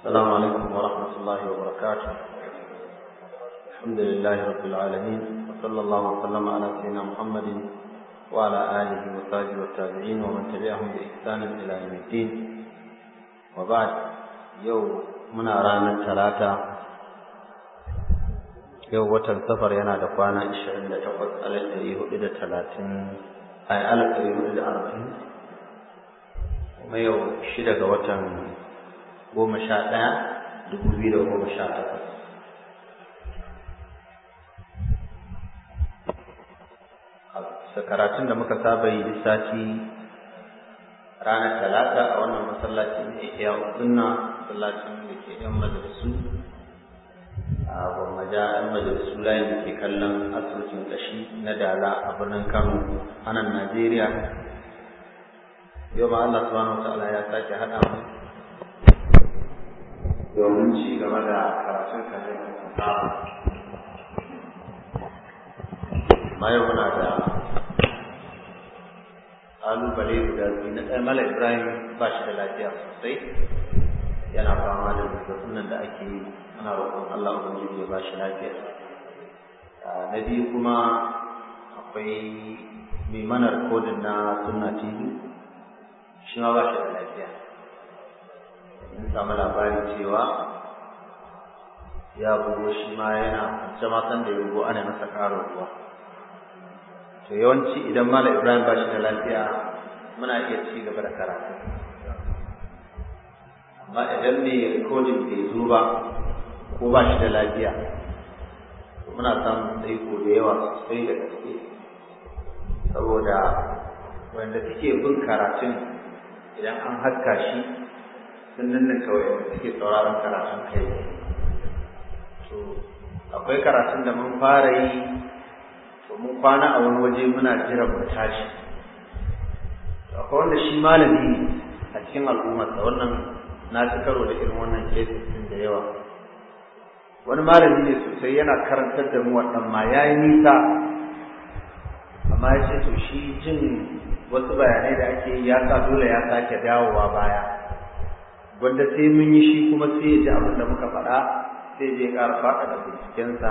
السلام عليكم ورحمة الله وبركاته الحمد لله رب العالمين وصلى الله وسلم على سيدنا محمد وعلى آله وصحبه والتابعين ومن تبعهم بإحسان إلى يوم الدين وبعد يوم من أرانا الثلاثة يوم وتن سفر ينا دقوانا إشعر تقول على الدريه إلى ثلاثين أي على الدريه إلى أربعين وما يوم شدق وتن goma sha ɗaya dubu biyu da goma sha takwas karatun da muka saba yi duk sati ranar talata a wannan masallaci ne ya sunna masallacin da ke yan majalisu a gwamnaja yan majalisu layin da ke kallon asibitin kashi na dala a birnin kano a nan najeriya yau ma allah subhanahu wa ta'ala ya sake haɗa mu domin ci gaba da karatun kare da mayo muna da kalubale guda biyu na ɗaya mala ibrahim ba shi da lafiya sosai yana fama da zazzabin nan da ake yi ana roƙon allah ubangiji ya ba shi lafiya ah, na biyu kuma akwai mai manar kodin na sunna tv shi ma ba shi da lafiya in samu labarin cewa ya bugo shi ma yana kwance san da ya bugo ana masa ƙarin ruwa to yawanci idan mala ibrahim ba shi da lafiya muna iya ci gaba da karatu amma idan ne da bai zo ba ko ba shi da lafiya muna samun tsaiko da yawa sosai da gaske saboda wanda take bin karatun idan an haska shi sannan da kawai suke sauraron karatun kai to akwai karatun da mun fara yi to mun kwana a wani waje muna jiran mu tashi akwai wanda shi malami a cikin al'ummar da wannan na ci karo da irin wannan kesis da yawa wani malami ne sosai yana karantar da mu waɗannan ma yi nisa amma ya ce to shi jin wasu bayanai da ake yi ya sa dole ya sake dawowa baya wanda sai mun yi shi kuma sai ya ji abin da muka faɗa sai je ƙara faɗa da bincikensa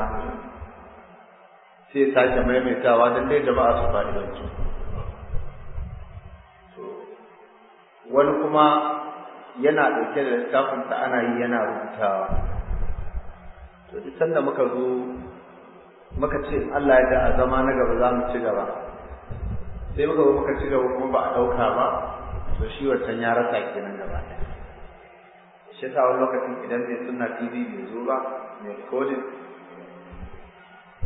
sai sake maimaitawa don dai jama'a su fa'idanci wani kuma yana ɗauke da littafinsa ana yi yana rubutawa to duk sanda muka zo muka ce Allah ya da a zama na gaba za mu ci gaba sai muka zo muka ci gaba kuma ba a ɗauka ba to shi wancan ya rasa kenan gaba ɗaya shi yasa wani lokacin idan zai suna tv mai zo ba mai recording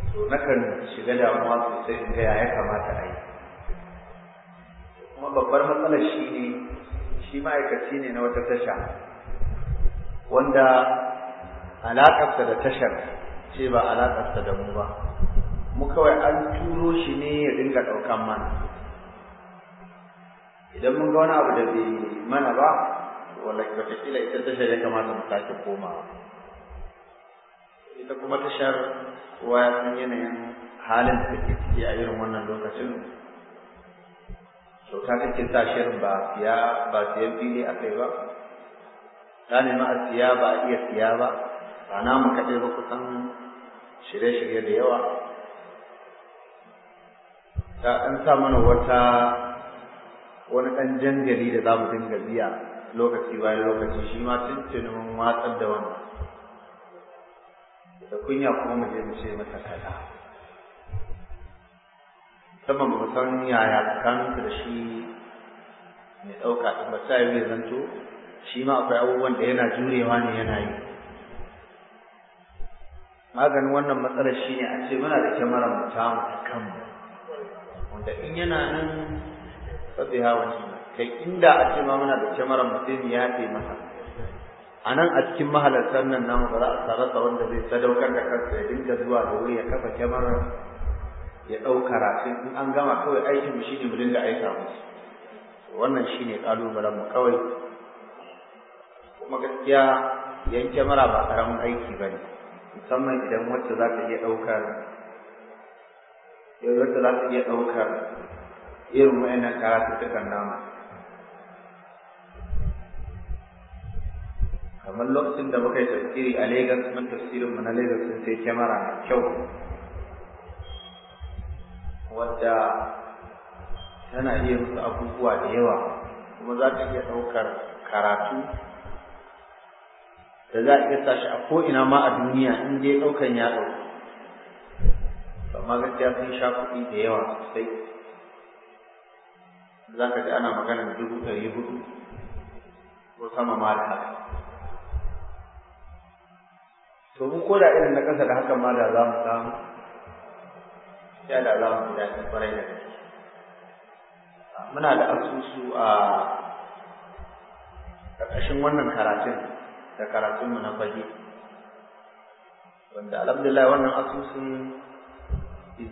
to nakan shiga damuwa sosai in gaya ya kamata a yi kuma babbar matsalar shi ne shi ma'aikaci ne na wata tasha wanda alaƙarsa da tashar ce ba alaƙarsa da mu ba mu kawai an turo shi ne ya dinga ɗaukan mana idan mun ga wani abu da bai mana ba wataƙila ita tashar ya kamata mu sake komawa ita kuma tashar kowa yanayin halin da take ciki a irin wannan lokacin kyauta kake sa shirin ba siyan fili a kai ba ta nema a siya ba a iya siya ba ba na mu kaɗai ba kusan shirye-shirye da yawa ta ɗan sa mana wata wani ɗan jangali da za mu dinga biya lokaci bayan lokaci shi ma tuntunin watsar da wannan da kunya kuma mu je mu ce masa kaza ba san yaya tsakaninsa da shi mai ɗauka ɗin ba sa yi zanto shi ma akwai abubuwan da yana jurewa ne yana yi maganin wannan matsalar shi ne a ce muna da kyamarar mu ta mu kanmu wanda in yana nan faɗi hawa kai inda a ce ma muna da kyamara, mutum ya ce masa a nan a cikin mahalartar nan namu ba za a sarasa wanda zai sadaukar da kansa ya dinga zuwa da wuri ya kafa kyamarar ya ɗauka karatu in an gama kawai aikin mu ne mu dinga aika musu wannan shine kalubalen mu kawai kuma gaskiya yan kyamara ba ƙaramin aiki ba ne musamman idan wacce za ta iya ɗaukar wacce za ta iya ɗaukar irin wa'annan karatu ta kan namu kamar lokacin da muka yi tafsiri a Legas mun tafsirin mu na Legas sun sai kyamara mai kyau wadda tana iya musu abubuwa da yawa kuma za ta iya ɗaukar karatu da za a iya sa shi a ko'ina ma a duniya in dai ɗaukan ya ɗauka amma gaskiya sun sha kuɗi da yawa sosai za ka ji ana maganar dubu ɗari hudu ko sama ma da haka to mu ko da irin na kasa da hakan ma da za mu samu ya da za mu ji daɗin kwarai da gaske muna da asusu a ƙarƙashin wannan karatun da karatunmu na fage wanda alhamdulillah wannan asusun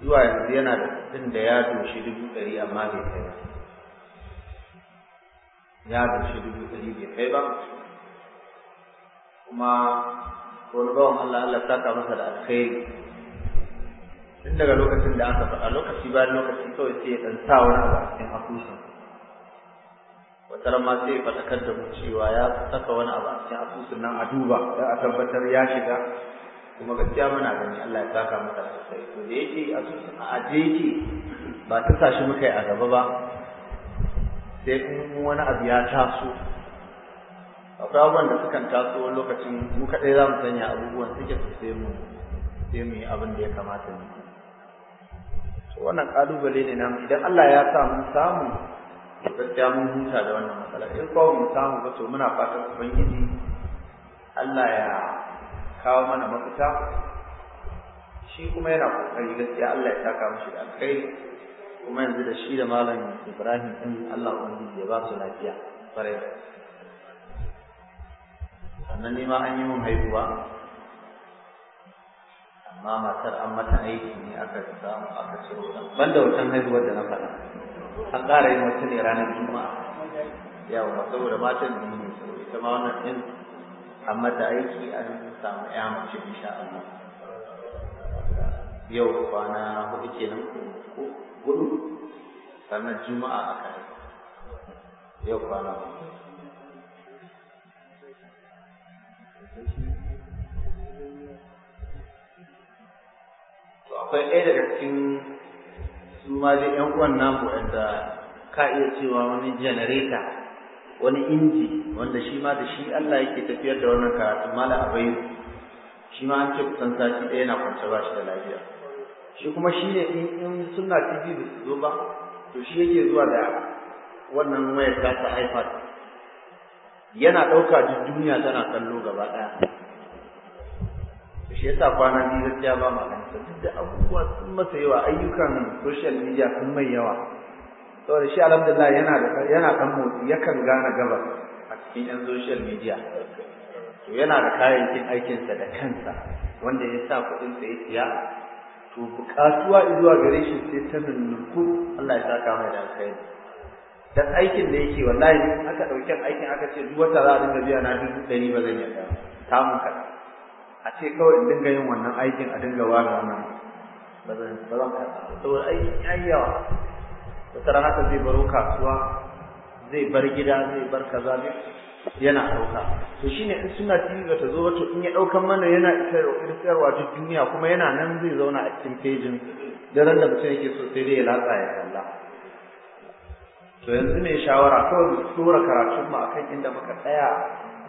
zuwa yanzu yana da kuɗin da ya doshi dubu ɗari amma bai kai ba ya doshi dubu ɗari bai kai ba kuma wani bawan Allah Allah saka masa da alkhairi tun daga lokacin da aka faɗa lokaci bayan lokaci kawai sai ya ɗan sa wani abu a cikin asusun wata ma sai ya faɗakar da mu cewa ya saka wani abu a cikin asusun nan a duba don a tabbatar ya shiga kuma gaskiya muna gani Allah ya saka masa alkhairi. to da yake asusun a aje yake ba ta sa shi muka yi a gaba ba sai kuma wani abu ya taso abubuwan da sukan taso lokacin mu kaɗai za mu sanya abubuwan suke su sai mu sai mu yi abin da ya kamata to wannan ƙalubale ne nan idan Allah ya sa mun samu gaskiya mun huta da wannan matsala in ko mu samu ba to muna fatan ubangiji Allah ya kawo mana mafita shi kuma yana kokari gaskiya Allah ya saka mishi da alkhairi kuma yanzu da shi da malam Ibrahim in Allah ubangiji ya ba su lafiya ƙwarai sannan nima an yi mun haihuwa amma matar an mata aiki ne aka samu aka ciro ɗan banda wutan haihuwar da na faɗa an ƙara yin wata ne ranar juma'a yawa saboda matan da ne saboda ita ma wannan ɗin an mata aiki an samu ya mace insha Allah yau kwana hudu kenan ko Gudu. ranar juma'a aka yau kwana hudu to akwai ɗaya daga cikin su ma dai ƴan uwan namu wanda ka iya cewa wani janareta wani inji wanda shi ma da shi Allah yake tafiyar da wannan karatu mala abai shi ma an ce kusan sati ɗaya na kwance ba shi da lafiya shi kuma shi ne in suna tv ba su zo ba to shi yake zuwa da wannan wayar ta ta haifa yana ɗauka duk duniya tana kallo gaba ɗaya shi yasa kwana biyu gaskiya ba magana duk da abubuwa sun masa yawa ayyukan social media sun mai yawa saboda shi alhamdulillah yana yana kan motsi yakan gane gabas a cikin yan social media to yana da kayayyakin aikinsa da kansa wanda ya sa kuɗin sa ya siya to buƙatuwa zuwa gare shi sai ta nunnuku Allah ya saka mai da alkhairi dan aikin da yake wallahi in aka dauki aikin aka ce duk wata za a dinga biya na dubu ɗari ba zan yarda mun ka a ce kawai in dinga yin wannan aikin a dinga ware wannan ba zan ba zan ka saboda aikin yi yawa wata rana ka zai baro kasuwa zai bar gida zai bar kaza yana ɗauka to shine in suna tv ta zo wato in ya ɗaukan mana yana isarwa duk duniya kuma yana nan zai zauna a cikin pejin daren da mutum yake so sai dai ya latsa ya kalla to yanzu mai shawara kawai mu tsora karatun mu akan inda muka tsaya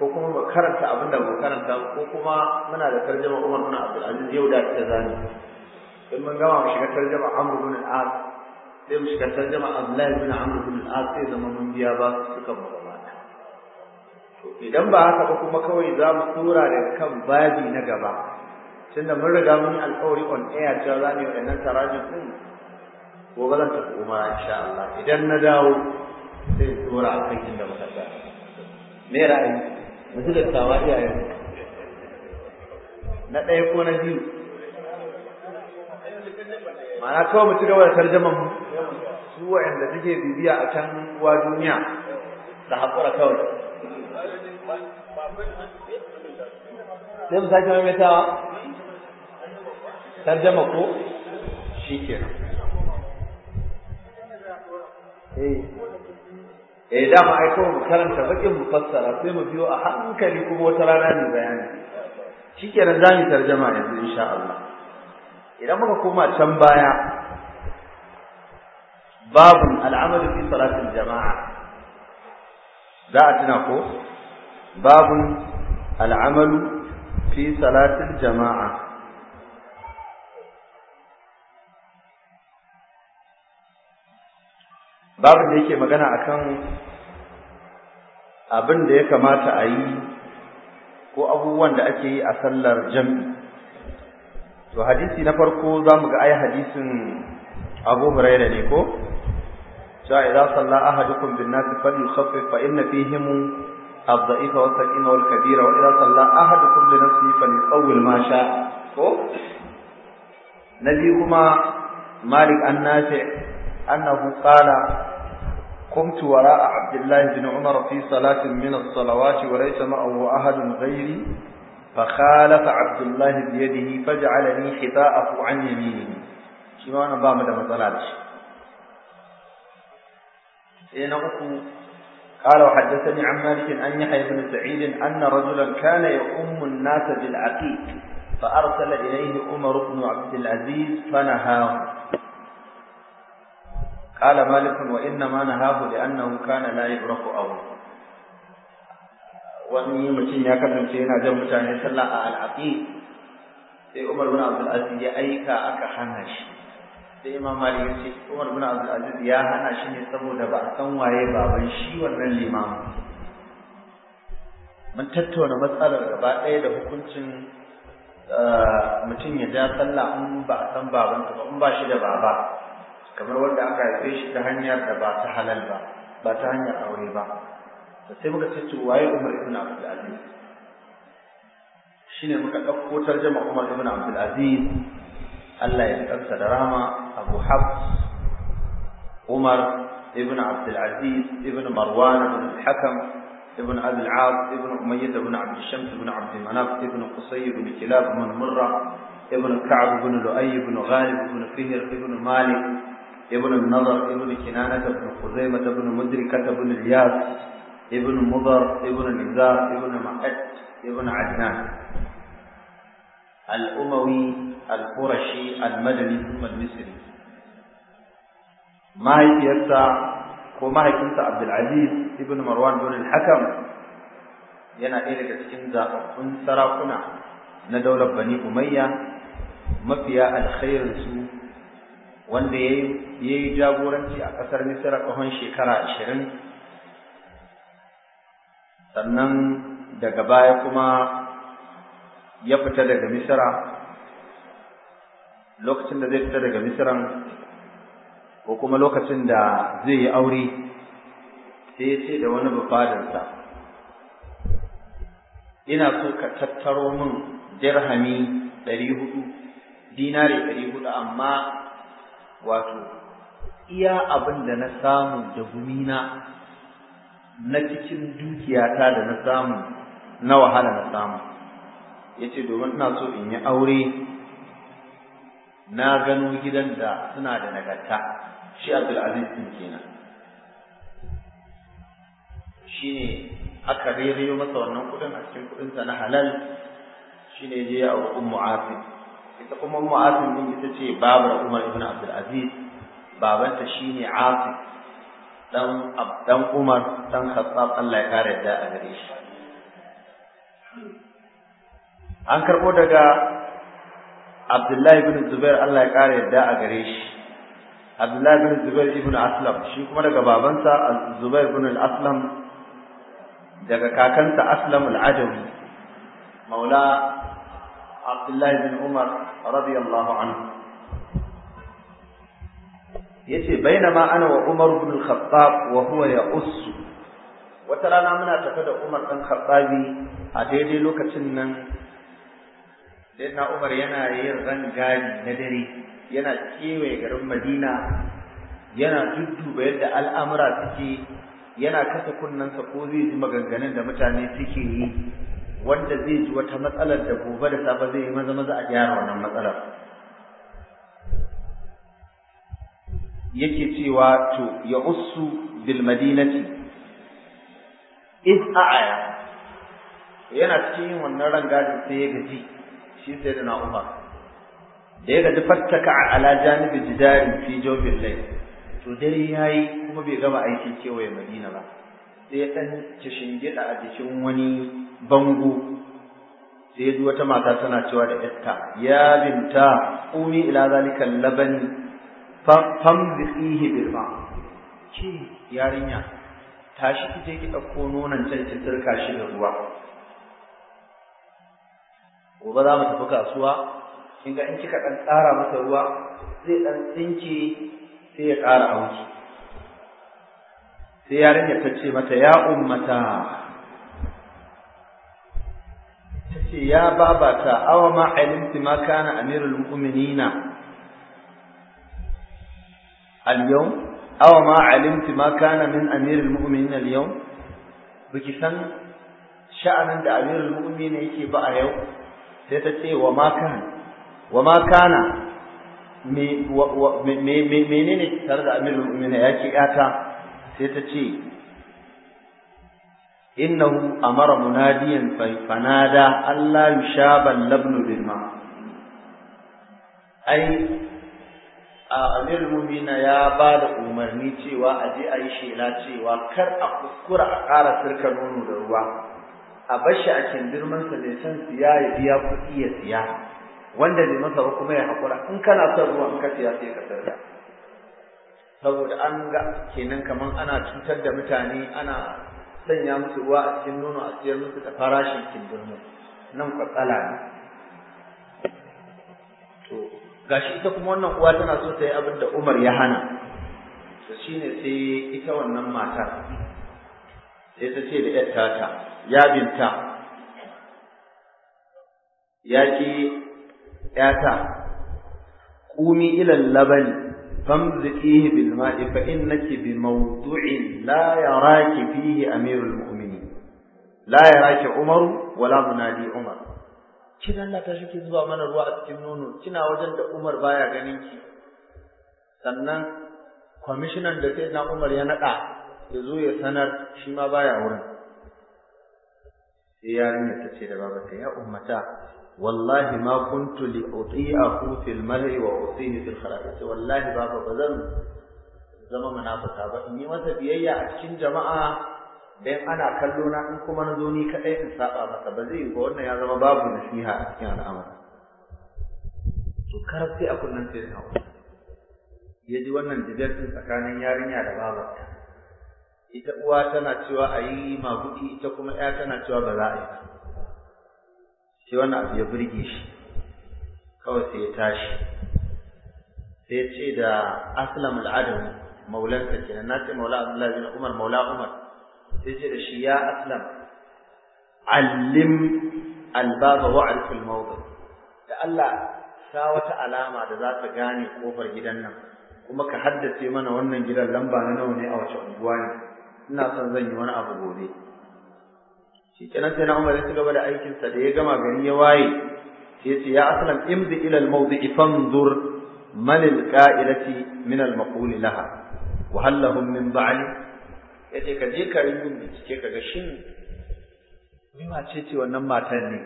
ko kuma mu karanta abin da mu karanta ko kuma muna da tarjuma Umar bin Abdul Aziz yau da ta zani in mun gama mu shiga tarjuma Amr bin Al-As sai mu shiga tarjuma Abdullah bin Amr bin Al-As sai zama mun biya ba suka mu gabata to idan ba haka ba kuma kawai za mu tsora da kan babi na gaba tunda mun riga mun yi alƙawari on air cewa za mu yi waɗannan tarajin din gobe zan tafi kuma insha Allah idan na dawo sai in dora a kan inda muka tsaya me ra'ayi mutum da tawa iyayen na ɗaya ko na biyu ma'ana kawai mu ci gaba da mu su wa'anda suke bibiya a can uwa duniya da haƙura kawai sai mu sake maimaitawa tarjama ko shi kenan eh, eh da ai wa mu karanta bakin mu fassara sai mu biyo a hankali kuma wata rana ne bayani shikenan za mu tarjama yanzu insha Allah idan muka koma can baya babun al'amalu fi salatin jama'a za a tuna ko babu al'amalu fi salatin jama'a babin da yake magana akan abin da ya kamata a yi ko abubuwan da ake yi a sallar jam'i to hadisi na farko za mu ga ai hadisin abu huraira ne ko cewa idan salla ahadukum bin nasi falyukhaffif fa inna fihim الضعيف والسكين والكبير وإذا صلى أحدكم لنفسه فليطول ما شاء نبي كما مالك النافع أنه قال قمت وراء عبد الله بن عمر في صلاة من الصلوات وليس معه أحد غيري فخالف عبد الله بيده فجعلني حذاءه عن يمينه شو أنا بعمل ما مطلعش إن إيه قال وحدثني عن مالك أن يحيى بن سعيد أن رجلا كان يؤم الناس بالعقيق فأرسل إليه عمر بن عبد العزيز فنهاه قال مالك وإنما نهاه لأنه كان لا يبرق أول wani mutum ya kasance yana jan mutane sallah a al'aqi sai Umar bin Abdul Aziz ya aika aka hana shi sai Imam Malik ya ce Umar bin Abdul Aziz ya hana shi ne saboda ba a san waye baban shi wannan Limamu. mun tattauna matsalar gaba ɗaya da hukuncin mutum ya ja sallah in ba a san babansa ba in ba shi da baba kamar wanda aka haife shi ta hanyar da ba ta halal ba ba ta hanyar aure ba sai muka ce to waye Umar ibn Abdul Aziz shine muka ɗauko tarjama Umar ibn Abdul Aziz Allah ya kansa da rama Abu Hafs Umar ibn Abdul Aziz ibn Marwan ibn Hakam ibn Abi al-As ibn Umayyah ibn Abd Shams ibn Abd Manaf ibn Qusay ibn Kilab ibn Murrah ibn Ka'b ibn Lu'ay ibn Ghalib ibn Fihr ibn Malik ابن النضر ابن كنانة ابن خزيمة ابن مدركة ابن الياس ابن مضر ابن نزار ابن معت ابن عدنان الأموي القرشي المدني ثم المصري ما هي وما هي عبد العزيز ابن مروان بن الحكم ينا ɗaya daga cikin zaɓaɓɓun sarakuna na daular bani umayya mafiya alkhairinsu wanda ya yi jagoranci a ƙasar misira tsawon shekara ashirin sannan daga baya kuma ya fita daga misira lokacin da zai fita daga misiran ko kuma lokacin da zai yi aure sai ya ce da wani bafadarsa ina so ka tattaro min dirhami ɗari hudu dinari ɗari hudu amma wato iya abin da na samu da gumina na cikin dukiyata da na samu na wahala na samu Ya ce domin ina so in yi aure na gano gidan da suna da nagarta shi Abdul Aziz din kenan ne aka rere masa wannan kudin a cikin kuɗinsa na halal shine je ya aure Ummu ita kuma mu'asim din ita ce babar Umar ibn Abdul Aziz babanta shine Asim dan dan Umar dan Khattab Allah ya kare da a gare shi an karbo daga Abdullahi ibn Zubair Allah ya kare da a gare shi Abdullahi ibn Zubair ibn Aslam shi kuma daga babansa Zubair ibn aslam daga kakansa Aslam al-Adawi maula عبد الله بن عمر رضي الله عنه yace bainama ana wa Umar ibn al-Khattab wa huwa wata rana muna tafe da Umar ɗan Khattabi a daidai lokacin nan na Umar yana yin rangani na dare yana kewaye garin Madina yana dudduba yadda al'amura suke yana kasa kunnensa ko zai ji maganganun da mutane suke yi wanda zai ji wata matsalar da gobe da safe zai yi maza maza a gyara wannan matsalar yake cewa to ya ussu bil madinati in a'aya yana cikin wannan rangadin sai ya gaji shi sai da na'uba da ya gaji fattaka ala janibi jidari fi jawbin lai to dare yayi kuma bai gama aiki kewaye madina ba sai ya cishin gida a jikin wani bango sai ya ji wata mata tana cewa da yarta ya binta umi ila zalika labani famzihi bilma ki yarinya tashi ki je ki dauko nonon can ki tsirka shi da ruwa gobe za mu tafi kasuwa kin ga in kika dan tsara masa ruwa zai dan tsinke sai ya ƙara auki sai yarinya ta ce mata ya ummata tace ya babata awa ma alimti ma kana amirul mu'minina al-yawm awa ma alimti ma kana min amirul mu'minina al-yawm biki san sha'anin da amirul mu'minina yake ba a yau sai ta ce wa ma kana wa ma kana me menene tare da amirul mu'minina yake yata sai ta ce innahu amara munadiyan fanada Allah yushabal labnu bil ma ai a amir mumina ya ba da umarni cewa a je a yi shela cewa kar a kuskura a ƙara sirkar nono da ruwa a bashi a kindirmansa da san siya ya biya kuɗi ya siya wanda bai masa ba kuma ya haƙura in kana son ruwa in ka siya sai ka saboda an ga kenan kaman ana cutar da mutane ana sanya musu ruwa a cikin nono a siyar musu da farashin kindirmo nan kwatsala ne to gashi ita kuma wannan uwa tana so ta yi abin da Umar ya hana to shine sai ita wannan matar sai ta ce da ƴar tata ya binta ya ce ƴata kumi ilal labani famziqihi bil ma'i fa innaki bi mawdu'in la yaraki fihi amirul mu'minin la yaraki umaru wala munadi umar kin Allah ke zuwa mana ruwa a cikin nono kina wajen da Umar baya ganin ki sannan kwamishinan da sai na Umar ya naɗa ya zo ya sanar shi ma baya wurin sai yarinyar ta ce da babata ya ummata wallahi ma kuntu li uti'ahu fil mali wa utihi fil kharaj wallahi baba bazan zama munafika ba in yi masa biyayya a cikin jama'a dan ana kallo na in kuma nazo ni kadai in saba masa ba zai ba wannan ya zama babu nasiha a cikin al'amari to kar sai a kunnan sai na ya ji wannan dibetin tsakanin yarinya da babarta ita uwa tana cewa ayi yi maguɗi ita kuma ya tana cewa ba za a yi ba sai wani abu ya burge shi kawai sai ya tashi sai ya ce da aslam al'adam maulansa kenan na ce maula abdullahi bin umar maula umar sai ce da shi ya aslam allim albaba wa al-mawdu da Allah ta wata alama da za ta gane kofar gidan nan kuma ka haddace mana wannan gidan lamba na nawa ne a wace unguwa ne ina son zan yi wani abu gobe shi kenan sai na Umar ya ci gaba da aikin sa da ya gama gari ya waye sai ya ce ya aslam imdi ila al mawdi'i fanzur mal al qa'ilati min al maqul laha wa hal lahum min ba'li yace ka je ka yi bincike ka ga shin me ce ce wannan matan ne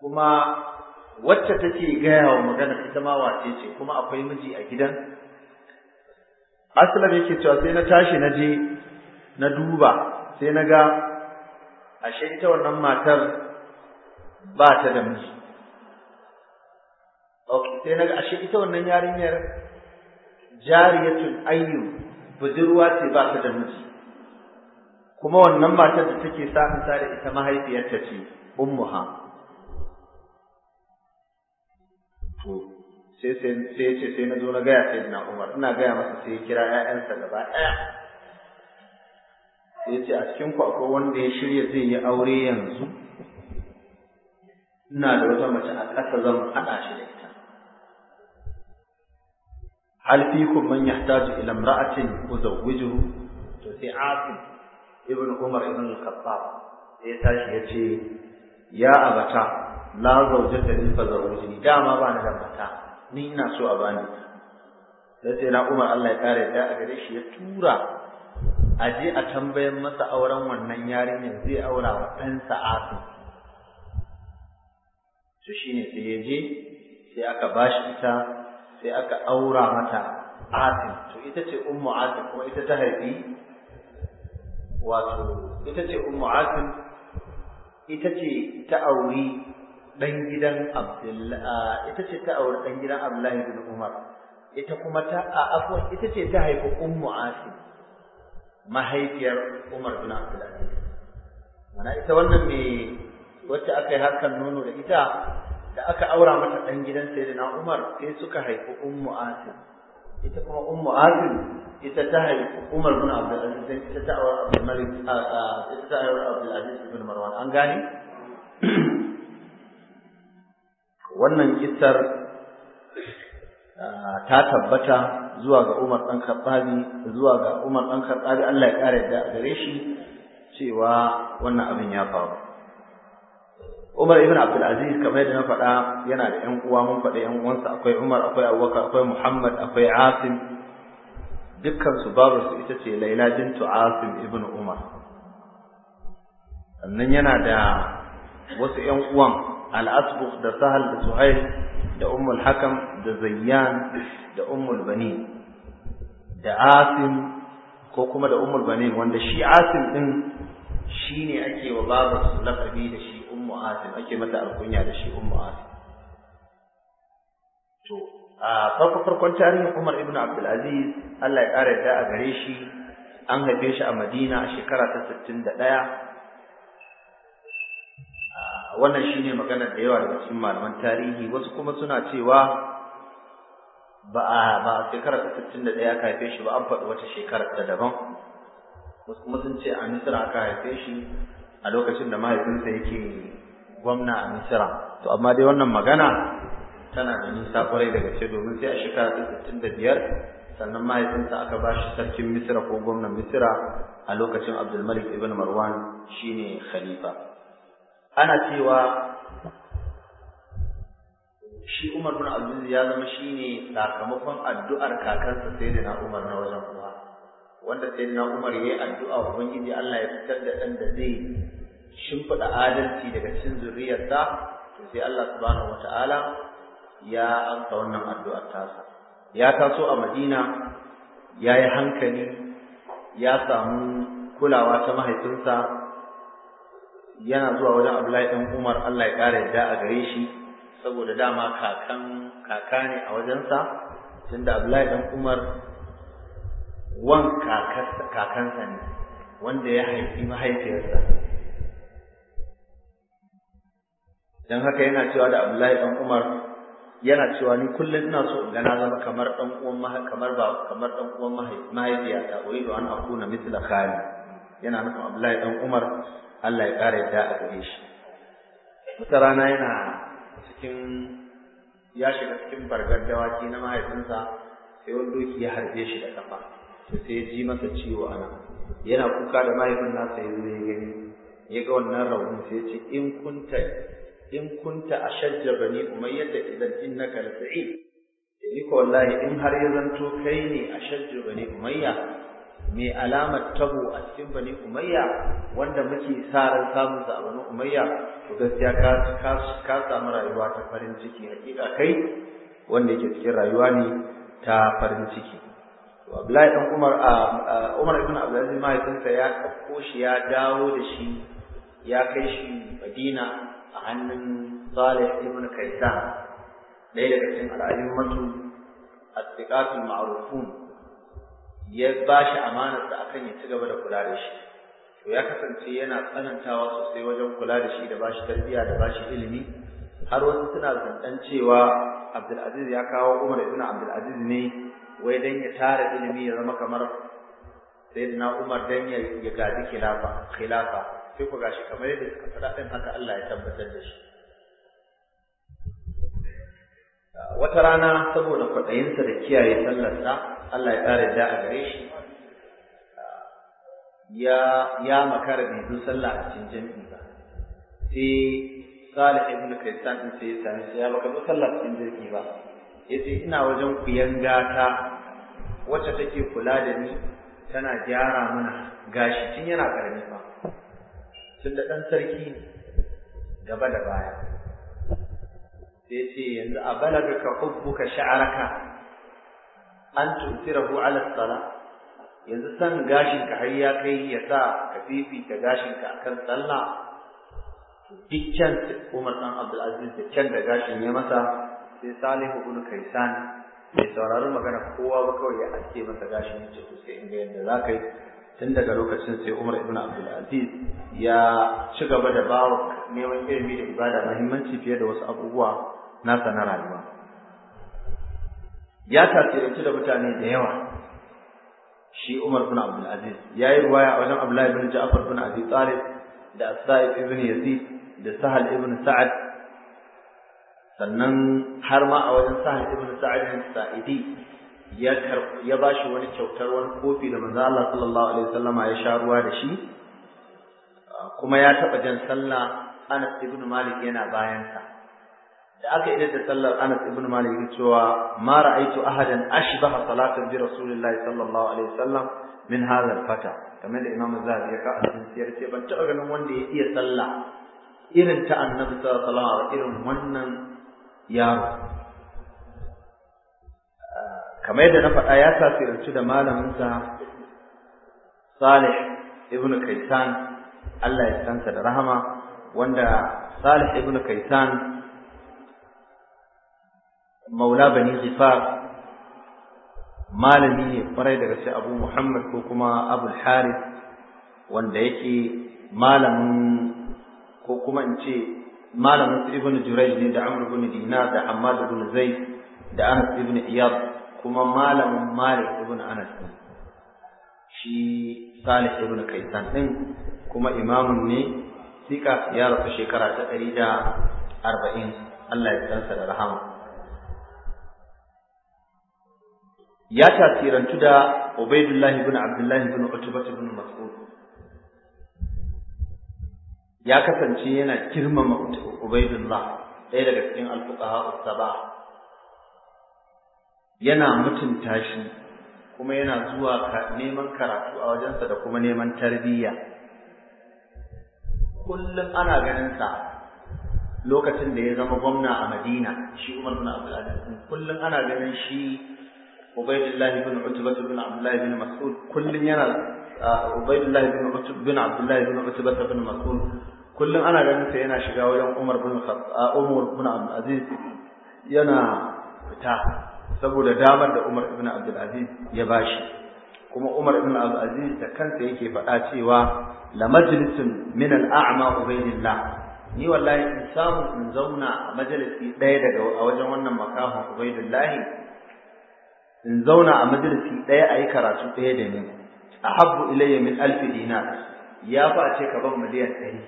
kuma wacce take gaya wa magana ita ma wace ce kuma akwai miji a gidan aslam yake cewa sai na tashi na je na duba sai na ga ashe ita wannan matar ba ta da miji ok sai na, ashe ita wannan yarinyar jariyatul ayyu budurwa ce ba ta da miji kuma wannan matar da take sa'in da ita mahaifiyarta ce ummuha to sai sai sai ce sai na zo na gaya sai na Umar ina gaya masa sai ya kira ƴaƴansa gaba ɗaya sai ce a cikin kwakwa wanda ya shirya zai yi aure yanzu ina da wata mace a ƙasa zan haɗa shi da ita hal fikum man yahtaju ila imra'atin uzawwijuhu to sai Asim ibn Umar ibn al-Khattab sai ya tashi ya ce ya abata la zawjata li fa zawjini dama ba ni da mata ni ina so a bani sai na Umar Allah ya kare da a gare shi ya tura a je a tambayar masa auren wannan yarinyar zai aura wa ɗansa asin shi ne sai ya je sai aka bashi ita sai aka aura mata asin to ita ce ummu asin kuma ita ta haifi wato ita ce ummu asin ita ce ta auri ɗan gidan abdullahi ita ce ta auri ɗan gidan abdullahi bin umar ita kuma ta a afwan ita ce ta haifi ummu asin mahaifiyar Umar bin Abdul Aziz mana ita wannan ne wacce aka yi harkar nono da ita da aka aura mata dan gidan Sayyidina Umar sai suka haifi Ummu Asim ita kuma Ummu Asim ita ta haifi Umar bin Abdul Aziz sai ita ta aura Abdul Malik ita ta aura Abdul Aziz bin Marwan an gane wannan kisar ta tabbata zuwa ga Umar dan Khattabi zuwa ga Umar dan Khattabi Allah ya kare da gare shi cewa wannan abin ya faru Umar ibn Abdul Aziz kamar yadda na faɗa yana da ƴan uwa mun faɗa ƴan uwansa akwai Umar akwai Abubakar akwai Muhammad akwai Asim dukkan su babu su ita ce Laila bintu Asim ibn Umar sannan yana da wasu ƴan uwan al asbuq da Sahal da Suhail da ummul hakam da zayyan da ummul bani da asim ko kuma da ummul bani wanda shi asim din shine ake wa babu su da shi ummu asim ake mata alkunya da shi ummu asim to a farko farkon tarihin Umar ibn Abdul Aziz Allah ya kare da a gare shi an haife shi a Madina a shekara ta 61 wannan shine magana da yawa daga cikin malaman tarihi wasu kuma suna cewa ba a ba a shekarar 61 aka haife shi ba an faɗi wata shekarar ta daban wasu kuma sun ce a Misira aka haife shi a lokacin da mahaifinsa yake gwamna a Misira to amma dai wannan magana tana da nisa kwarai daga ce domin sai a shekara ta 65 sannan mahaifinsa aka ba shi sarkin misra ko gwamnan misra a lokacin Abdulmalik ibn Marwan shine khalifa ana cewa shi Umar bin Abdul ya zama shine sakamakon addu'ar kakansa Sayyidina Umar na wajen kuma. wanda Sayyidina Umar yayi addu'a Ubangiji Allah ya fitar da dan da zai shimfida adalci daga cikin zuriyarsa to sai Allah subhanahu wata'ala ya amsa wannan addu'ar tasa ya taso a Madina ya yi hankali ya samu kulawa ta mahaifinsa yana zuwa wajen Abdullahi dan Umar Allah ya kare yadda a gare shi saboda dama kakan kaka ne a wajensa tunda Abdullahi dan Umar wan kakansa ne wanda ya haifi mahaifiyarsa dan haka yana cewa da Abdullahi dan Umar yana cewa ni kullum ina so in gana zama kamar dan uwan kamar ba kamar dan uwan mahaifiya ta uridu an akuna mithla khali yana nufin Abdullahi dan Umar Allah ya ƙara yadda a gare shi wata rana yana cikin ya shiga cikin bargar dawaki na mahaifinsa sai wani doki ya harbe shi da kafa to sai ya ji masa ciwo a yana kuka da mahaifin nasa ya zo ya gani ya ga wannan raunin sai ya ce in kunta in kunta shajja bani kuma da idan innaka la sa'id ni ko wallahi in har ya zanto kai ne a ashajja bani umayya mai alamar tabo a cikin bani umayya wanda muke sa samun sa a bani umayya to gaskiya ka ka ka samu rayuwa ta farin ciki hakika kai wanda yake cikin rayuwa ne ta farin ciki to Abdullahi dan Umar a Umar ibn Abdulaziz mahaifinsa ya ɗauko shi ya dawo da shi ya kai shi Madina a hannun Salih ibn Kaysan ɗaya daga cikin al'ayyumatu as ma'rufun ya ba shi amanarsa akan ya ci gaba da kula da shi to ya kasance yana tsanantawa sosai wajen kula da shi da ba shi tarbiyya da ba shi ilimi har wani suna zantan cewa Abdulaziz ya kawo Umar ibn Abdulaziz ne wai dan ya tara ilimi ya zama kamar sayyidina Umar dan ya gaji khilafa khilafa sai ku gashi kamar yadda suka faɗa ɗin haka Allah ya tabbatar da shi wata rana saboda kwaɗayinsa da kiyaye sallarsa Allah ya ƙara da a gare shi ya ya makara da zo sallah a cikin jami'i ba sai Salih ibn Kaisan din sai ya sami sai ya makara zo sallah cikin jami'i ba ce ina wajen kuyan gata wacce take kula da ni tana gyara mana gashi tun yana ƙarami ba. tun da ɗan sarki ne gaba da baya sai ce yanzu a balagaka hubbuka sha'araka an tumtirahu ala sala yanzu san gashin ka har ya kai ya sa ka fifita gashin ka akan sallah dukkan Umar dan Abdul Aziz da can da gashin ya masa sai Salihu ibn Kaisan mai sauraron magana kowa ba kawai ya aske masa gashin ya ce to sai in ga yadda za ka yi tun daga lokacin sai Umar ibn Abdul Aziz ya ci gaba da ba neman ilimi da ibada muhimmanci fiye da wasu abubuwa nasa na rayuwa ya tasiranci da mutane da yawa shi Umar ibn Abdul Aziz yi ruwaya a wajen abdullahi ibn Ja'far ibn Abi Talib da As-Sa'id ibn Yazid da Sahal ibn Sa'ad sannan har ma a wajen Sahal ibn Sa'ad Sa'idi ya ba shi wani kyautar wani kofi da manzo Allah sallallahu alaihi wasallama ya sha ruwa da shi kuma ya taba jan sallah Anas ibn Malik yana bayansa da aka idar da sallar Anas ibn Malik yake cewa ma ra'aitu ahadan ashbaha salatan bi rasulillahi sallallahu alaihi wasallam min hadha al-fata kamar da Imam Zahabi ya ka ce ban taba ganin wanda ya iya sallah irin ta Annabi sallallahu alaihi wasallam irin wannan yaro kamar yadda na faɗa ya tasirantu da malaminsa Salih ibn Kaisan Allah ya sansa da rahama wanda Salih ibn Kaisan maula bani Zifar malami ne kwarai daga sai Abu Muhammad ko kuma Abu Harith wanda yake malamin ko kuma in ce malamin Ibn Jurayj ne da Amr ibn Dinar da Hammad ibn zayd da Anas ibn Iyad kuma malamin Malik ibn Anas ne shi Salih ibn Kaisan din kuma imamun ne sika ya rasu shekara ta ɗari da arba'in Allah ya tsansa da rahama ya tasirantu da Ubaidullahi ibn Abdullahi ibn Utbah ibn Mas'ud ya kasance yana girmama Ubaydullah ɗaya daga cikin alfuqaha usaba yana mutunta shi kuma yana zuwa neman karatu a wajensa da kuma neman tarbiyya kullum ana ganin sa lokacin da ya zama gwamna a Madina shi Umar bin Abdul Aziz kullum ana ganin shi Ubaydullah bin Utbah bin Abdullah bin Mas'ud kullum yana Ubaydullah bin Utbah bin Abdullah bin Utbah bin Mas'ud kullum ana ganin sa yana shiga wajen Umar bin Khattab Umar bin Abdul Aziz yana fita saboda damar da Umar ibn Abdul Aziz ya bashi kuma Umar ibn Abdul Aziz da kansa yake faɗa cewa la majlisun min al-a'ma ubaydillah ni wallahi in samu in zauna a majalisi ɗaya daga a wajen wannan makahon ubaidullahi in zauna a majalisi ɗaya a yi karatu ɗaya da ni a habbu ilayya min alfi dinar ya fa ce ka ban miliyan ɗari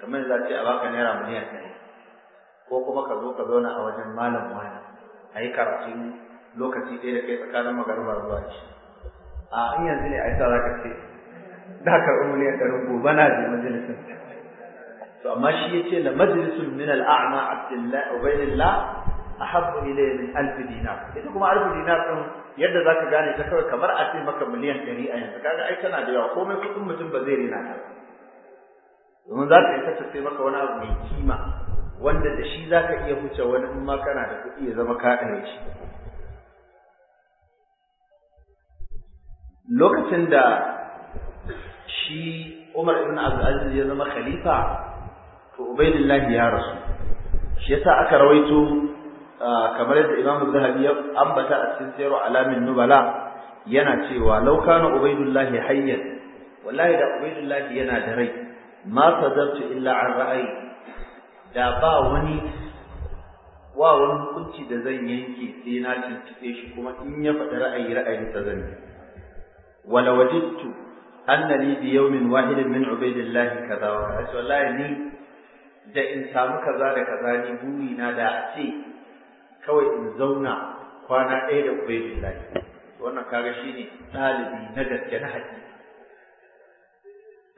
kamar za ce a baka naira miliyan ɗari ko kuma ka zo ka zauna a wajen malam wani a yi karatu lokaci ɗaya da kai tsakanin magarba zuwa ci a in yanzu ne a yi tsara ka ce da karɓi miliyan ɗarin gobe na je majalisin to amma shi ya ce la majalisun min al'a'ma abdullahi ubaidillah ahabbu ilayya min alf dinar ita kuma alf dinar din yadda zaka gane ta kawai kamar a ce maka miliyan ɗari a yanzu kaga ai tana da yawa komai kudin mutum ba zai rena ta domin za ka isa ta sai maka wani abu mai kima wanda da shi za ka iya huce wani in ma kana da kuɗi ya zama ka ɗaya shi lokacin da shi Umar ibn Abdul ya zama khalifa to Ubaydullah ya rasu shi yasa aka rawaito kamar yadda Imam Zahabi ya ambata a cikin Sayyidu Alamin Nubala yana cewa law kana Ubaydullah hayyan wallahi da Ubaydullah yana da rai ma sadartu illa an ra'ayi da ba wani wa wani hukunci da zan yanke sai na tuntuɓe shi kuma in ya faɗi ra'ayi ra'ayin ta zan yi wala wajidtu annani bi yawmin wahidin min ubaidillahi kaza wa kaza ni da in samu kaza da kaza ni buri na da a ce kawai in zauna kwana ɗaya da ubaidillahi wannan kaga shine ɗalibi na gaske na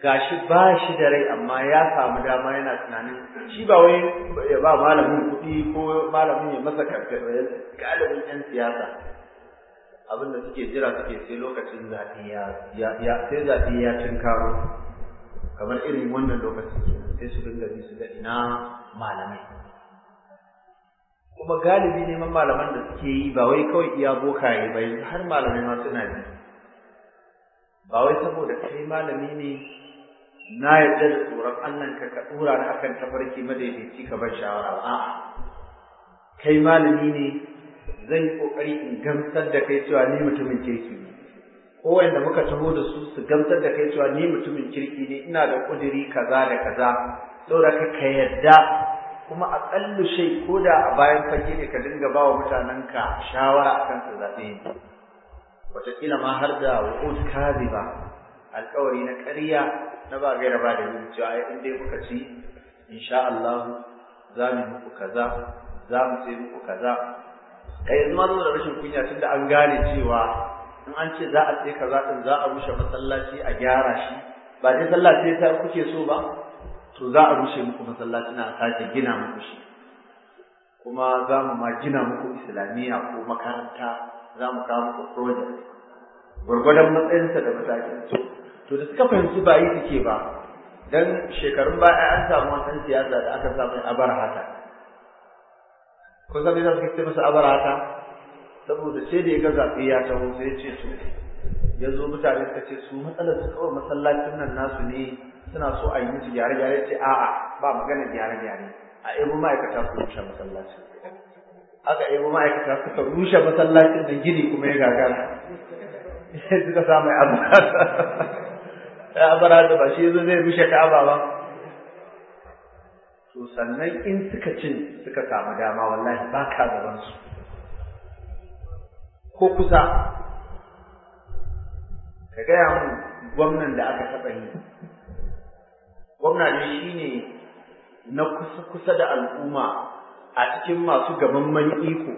Ga gashi ba shi da rai amma ya samu dama yana tunanin shi ba wai ya ba malamin kuɗi ko malamin ya masa karkar galibin 'yan siyasa abin suke jira suke sai lokacin zaɓe ya sai zafi ya cin karo kamar irin wannan lokaci sai su dinga bi su ga ina malamai kuma galibi neman malaman da suke yi ba wai kawai iya bokaye ba yanzu har malamai ma suna bi ba wai saboda kai malami ne na yarda da tsoron Allah ka ka dora ni akan tafarki madaidaici ka bar shawara a'a kai malami ne zan yi kokari in gamsar da kai cewa ni mutumin kirki ne ko wanda muka taho da su su gamsar da kai cewa ni mutumin kirki ne ina da ƙuduri kaza da kaza saboda ka yadda kuma aƙallu shai ko da a bayan fage ne ka dinga ba wa ka shawara akan su zaɓe ni wataƙila ma har da wu'ud ba. alƙawari na ƙarya na ba gaira ba da yin cewa ai in dai muka ci insha Allah za mu muku kaza za mu sai muku kaza kai eh, yanzu ma da rashin kunya tunda an gane cewa in an ce za a sai kaza din za a rushe masallaci a gyara shi ba dai sallah sai ta kuke so ba to za a rushe muku masallaci na sake gina muku shi kuma za mu ma gina muku islamiyya ko makaranta za mu kawo muku project gwargwadon matsayinsa da matakin so to da suka fahimci ba yi suke ba dan shekarun baya an samu wasan siyasa da aka samu a bar haka ko san da suke ce masa abara saboda sai da ya ga zaɓe ya taho sai ya ce su, ya zo mutane suka ce su matsalar su kawai masallacin nan nasu ne suna so a yi musu gyare-gyare ce a'a ba magana gyare-gyare a ebo ma'aikata su rushe masallacin aka ebo ma'aikata suka rushe masallacin da gini kuma ya gagara suka samu abara ya abara da ba shi zai rushe ka'aba ba to sannan in suka cin suka samu dama wallahi ba ka gabansu ko kusa ka gaya mu, gwamnan da aka taɓa yi gwamna ne shi ne na kusa-kusa da al'umma a cikin masu gamamman iko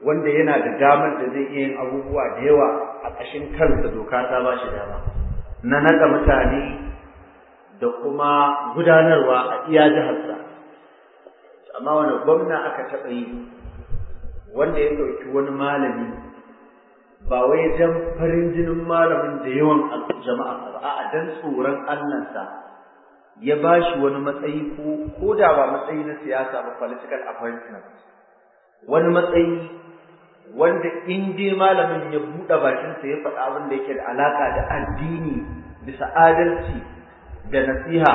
wanda yana da damar da zai iya yin abubuwa da yawa a ƙashin kansa doka ta ba shi dama na naɗa mutane da kuma gudanarwa a iya jiharsa amma wani gwamna aka taɓa yi wanda ya ɗauki wani malami ba wai jan farin jinin malamin da yawan jama'a ba a dan tsoron allansa ya ba shi wani matsayi ko ko da ba matsayi na siyasa ba political appointment wani matsayi wanda in dai malamin ya buɗe bakinsa ya faɗa abin da yake da alaƙa da addini bisa adalci da nasiha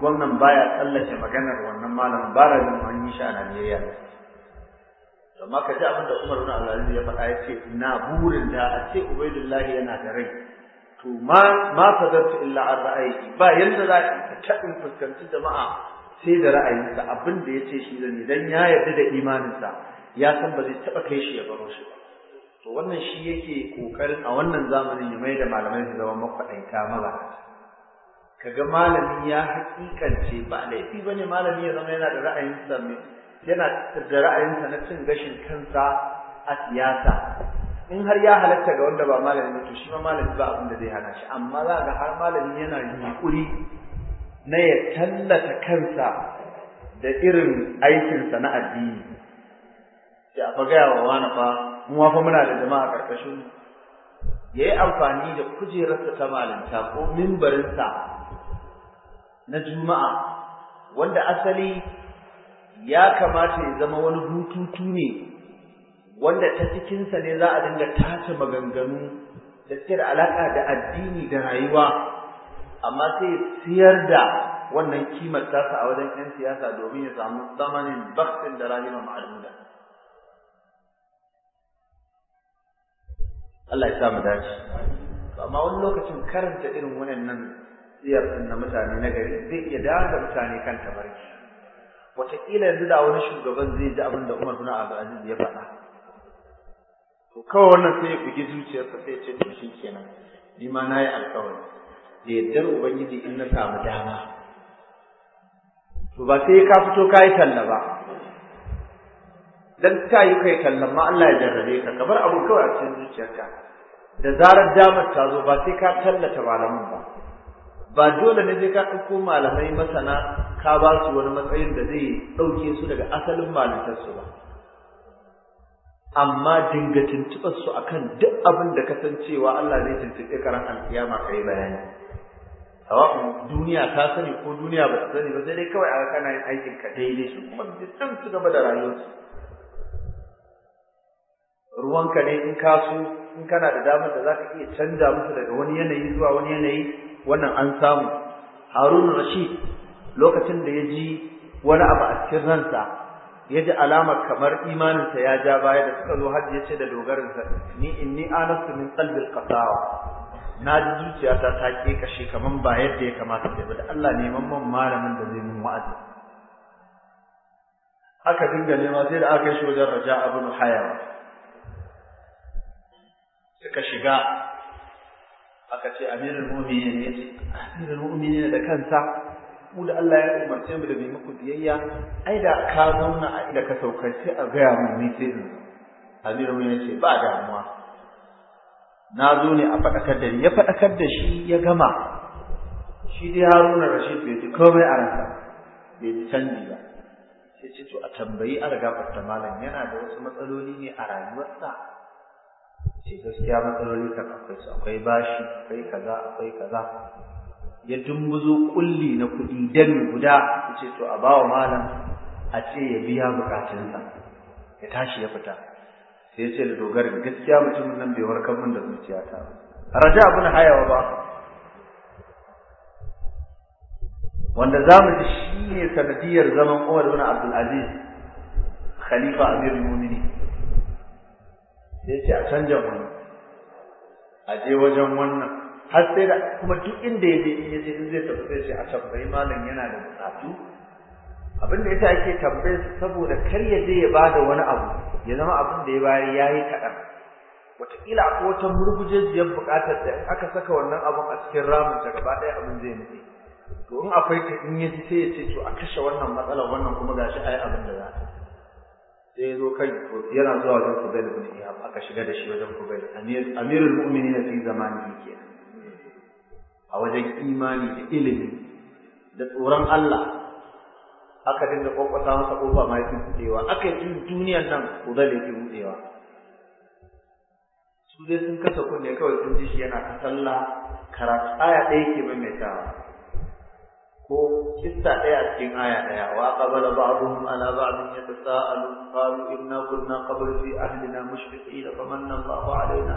gwamnan baya tsallake maganar wannan malamin bara da mun yi shi a Najeriya to ka ji abin da Umar ibn al'adu ya faɗa ya ce ina burin da a ce Ubaidullah yana da rai to ma ma fadarta illa an ra'ayi ba yanda za ka ta fuskanci jama'a sai da ra'ayinsa abin da ya ce shi ni dan ya yarda da imanin sa ya san ba zai taɓa kai shi ya baro shi ba to wannan shi yake kokarin a wannan zamanin ya mai da malamai su zama makwaɗanta mabarata kaga malami ya hakikance ba laifi bane malami ya zama yana da ra'ayinsa yana da sa na cin gashin kansa a siyasa in har ya halatta ga wanda ba malami to shi ma malami ba abin da zai hana shi amma za ga har malami yana yunkuri na ya tallata kansa da irin aikinsa na addini ya fa gaya wa wani fa mu fa muna da jama'a karkashin ya yi amfani da kujerarsa ta malinta ko mimbarinsa na juma'a wanda asali ya kamata ya zama wani bututu ne wanda ta cikinsa ne za a dinga tace maganganu da suke da alaƙa da addini da rayuwa amma sai siyar da wannan kimar tasa a wajen 'yan siyasa domin ya samu zamanin baktin da rahima ma'aluda Allah ya sa mu dace amma wani lokacin karanta irin wannan siyar ɗin na mutane na gari zai iya dawo da mutane kan tabarki wataƙila yanzu da wani shugaban zai ji abin da Umar bin aziz ya faɗa to kawai wannan sai ya bugi zuciyarsa sai ya ce to shi kenan ni ma na yi alƙawari da yardar Ubangiji in na samu dama to ba sai ka fito ka yi talla ba dan ta yi kai tallan ma Allah ya jarrabe ka kamar abu kawai a cikin zuciyarka da zarar damar ta zo ba sai ka tallata malamin ba ba dole ne zai ka ɗauko malamai masana ka ba su wani matsayin da zai ɗauke su daga asalin malintarsu ba amma dinga tuntuɓar su akan duk abin da ka san cewa Allah zai tuntuɓe karan alkiyama ka yi bayani sawa'un duniya ta sani ko duniya ba ta sani ba sai dai kawai a kana yin aikin ka daidai su kuma dukkan su gaba da rayuwarsu ruwanka ne in ka in kana da damar da zaka iya canza musu daga wani yanayi zuwa wani yanayi wannan an samu harun rashid lokacin da ya ji wani abu a cikin ransa ya ji alamar kamar imaninsa ya ja baya da suka zo hajji ya ce da dogarinsa ni inni anastu min qalbil qasawa na ji zuciyata ta ke kashe kamar ba yadda ya kamata ta da Allah neman man malamin da zai mun wa'azi aka dinga nema sai da aka yi shi wajen raja haya hayawa suka shiga aka ce amirul mu'minin ne amirul mu'minin da kansa mu da Allah ya umarce mu da mai muku biyayya ai da ka zauna a inda ka saukar sai a ga ya ni sai in amirul mu'minin ce ba damuwa na zo ne a faɗakar da ni ya faɗakar da shi ya gama shi dai Haruna Rashid bai ji komai a ransa bai ji canji ba sai ce to a tambayi a riga malam yana da wasu matsaloli ne a rayuwarsa ce eh, gaskiya matsaloli kan akwai su akwai bashi akwai kaza akwai kaza ya dumbuzo kulli na kuɗi dan guda ya ce to a bawa malam a ce ya biya bukatunsa ya tashi ya fita sai ya ce da dogara gaskiya mutum nan bai warkar min da zuciyata ba raja abin hayawa ba wanda za mu ji shi ne sanadiyar zaman Umar bin Abdul Aziz khalifa Amirul Mu'minin sai ce a canja wani a je wajen wannan har sai da kuma duk inda ya je ya je zai tafi sai ce a tambayi malam yana da bukatu abin da yasa ake tambaye saboda kar ya je ya bada wani abu ya zama abin da ya bayar ya yi kaɗan wataƙila akwai wata murgujejiyar buƙatar da aka saka wannan abin a cikin ramin ta gaba ɗaya abin zai nufi to in akwai ta in ya ji sai ya ce to a kashe wannan matsalar wannan kuma gashi a yi abin da za ta sai ya zo kan yana zuwa wajen Kubayl ibn Iyab aka shiga da shi wajen Kubayl amir amirul mu'minin fi zamani yake a wajen imani da ilimi da tsoron Allah aka dinga kwakwata masa kofa ma yake budewa aka yi duniyar nan Kubayl yake budewa su dai sun kasa kunne kawai sun ji shi yana ta sallah karatu aya ɗaya ke maimaitawa ko kissa ɗaya a cikin aya ɗaya wa qabala ba'dhum ala ba'dhin yatasaalu qalu inna kunna qabla fi ahlina mushfiqin manna Allahu alaina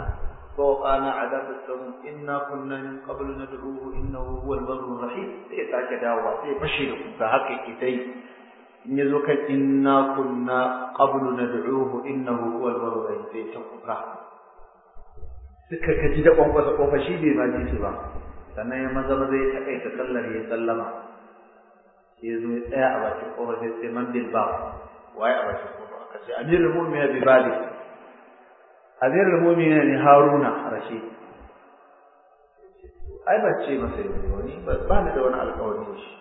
فوقانا عذاب السموم inna kunna min qabl ندعوه innahu huwal barru rahim sai ta sake dawowa sai fashe da kuka haka dai, in yazo kan inna kunna qablu nad'uhu innahu huwal barru rahim sai ta kuka suka kaji da kwankwasa kofa shi bai ba ji ba sannan ya maza ba zai takaita sallar ya sallama sai ya zo ya tsaya a bakin kofar sai sai man bil bawa waye a bakin kofar aka ce amirul mu'minin bi bali amirul mu'minin ne haruna rashi ai ba ce masa yi wani ba ni da wani alƙawari shi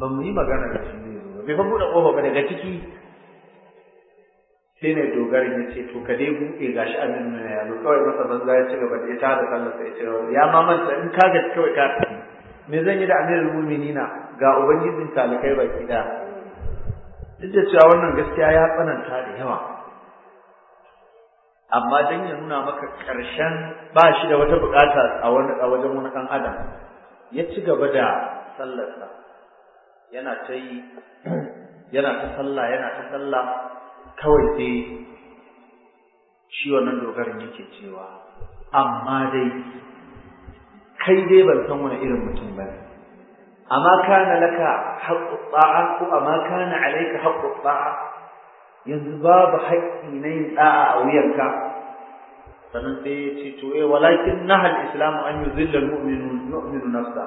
ban mu yi magana da shi ne bai fa buɗe kofar ba daga ciki sai ne dogarin ya ce to ka dai buɗe gashi abin nuna ya zo kawai masa banza ya ci gaba da ita da sallar sai ce ya mamanta in ka gaci kawai ka tafi me zan yi da amirul mu'minina ga ubangijin talikai baki da duk da cewa wannan gaskiya ya tsananta da yawa amma dan ya nuna maka ƙarshen ba shi da wata buƙata a wani a wajen wani ɗan adam ya ci gaba da sallarsa yana ta yi yana ta sallah yana ta sallah kawai sai shi wannan dogarin yake cewa amma dai kai dai ban san wani irin mutum ba amma kana laka haqqu ta'a ko amma kana alayka haqqu ta'a yanzu babu haƙƙi na yin da'a a wuyanka sannan sai ya ce to eh walakin nahal islam an yuzilla almu'minu mu'minu nafsa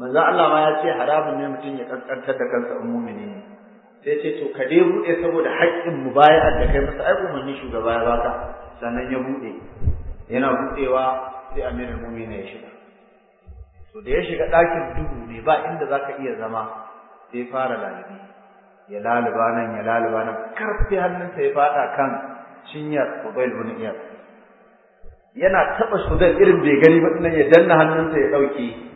manzo Allah ma ya ce haramun ne mutum ya kaskantar da kansa mu'mini ne sai ce to ka dai buɗe saboda haƙƙin mubaya'a da kai masa ai umarni shugaba ya baka sannan ya buɗe yana buɗewa sai amirul mu'minin ya shiga to da ya shiga ɗakin duhu ne ba inda zaka iya zama sai fara lalibi ya laluba nan ya laluba nan karfe hannunsa ya faɗa kan cinyar Fudail bin Iyad yana taɓa shugan irin bai gani ba nan ya danna hannunsa ya ɗauke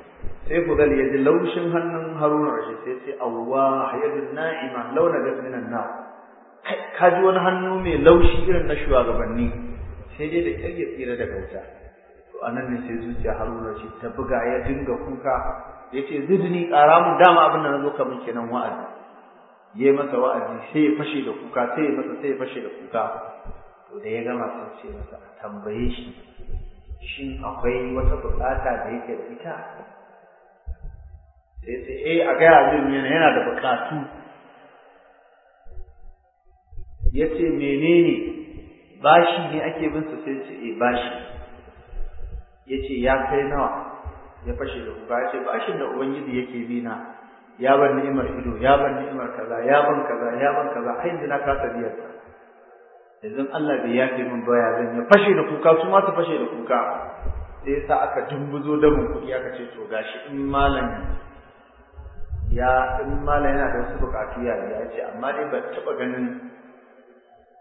sai ku ya yaji laushin hannun Haruna rashi sai ce Allah yadun na'ima launa ga sunan na ka ji wani hannu mai laushi irin na shugabanni sai dai da kyar ya tsira daga wuta to anan ne sai zuciya Haruna Rashid ta buga ya dinga kuka yace zidni mu dama abin da nazo ka min kenan wa'azi yayi masa wa'azi sai ya fashe da kuka sai ya masa sai ya fashe da kuka to da ya gama sai ce masa tambaye shi shin akwai wata bukata da yake da ita sai sai eh a gaya zai yana yana da bukatu ya ce menene bashi ne ake bin su sai ce eh, bashi ya ce ya kai nawa ya fashe da kuka ya ce bashin da ubangiji yake bi na ya ban ni'imar ido ya ban ni'imar kaza ya ban kaza ya ban kaza ai yanzu na kasa biyar sa yanzu Allah bai yafe min baya zan ya fashe da kuka su ma su fashe da kuka sai sa aka dumbuzo da mun kuɗi aka ce to gashi in malam ya in mala yana da wasu bukatu ya ya ce amma dai ba taba ganin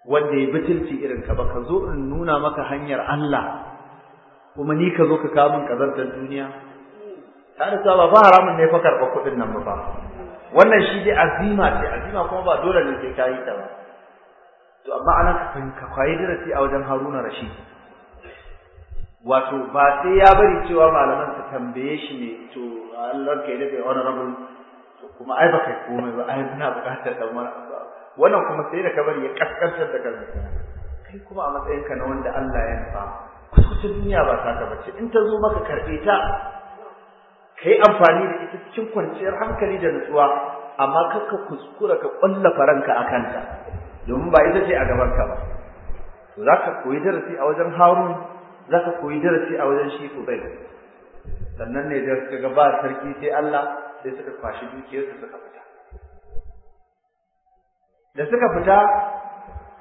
wanda ya bitilci irin ka ba ka zo in nuna maka hanyar Allah kuma ni ka zo ka kawo min kazartar duniya ta da ba haramun ne fa karɓar kuɗin nan ba wannan shi dai azima ce azima kuma ba dole ne sai ka yi ta ba to amma ana ka kwayi darasi a wajen Haruna Rashid wato ba sai ya bari cewa malaman su tambaye shi ne to Allah ke da honorable kuma ai baka yi komai ba ai ina buƙatar dan wani abu wannan kuma sai da kabari ya kaskantar da kanka kai kuma a matsayinka na wanda Allah ya nufa kusa duniya ba ta ka bace in ta zo maka karbe ta kai amfani da ita cikin kwanciyar hankali da nutsuwa amma kakka kuskura ka kwallafa faranka akan ta domin ba ita ce a gaban ka ba to zaka koyi darasi a wajen Harun zaka koyi darasi a wajen shi sannan ne da suka ga ba sarki sai Allah sai suka kwashi dukiyarsu suka fita da suka fita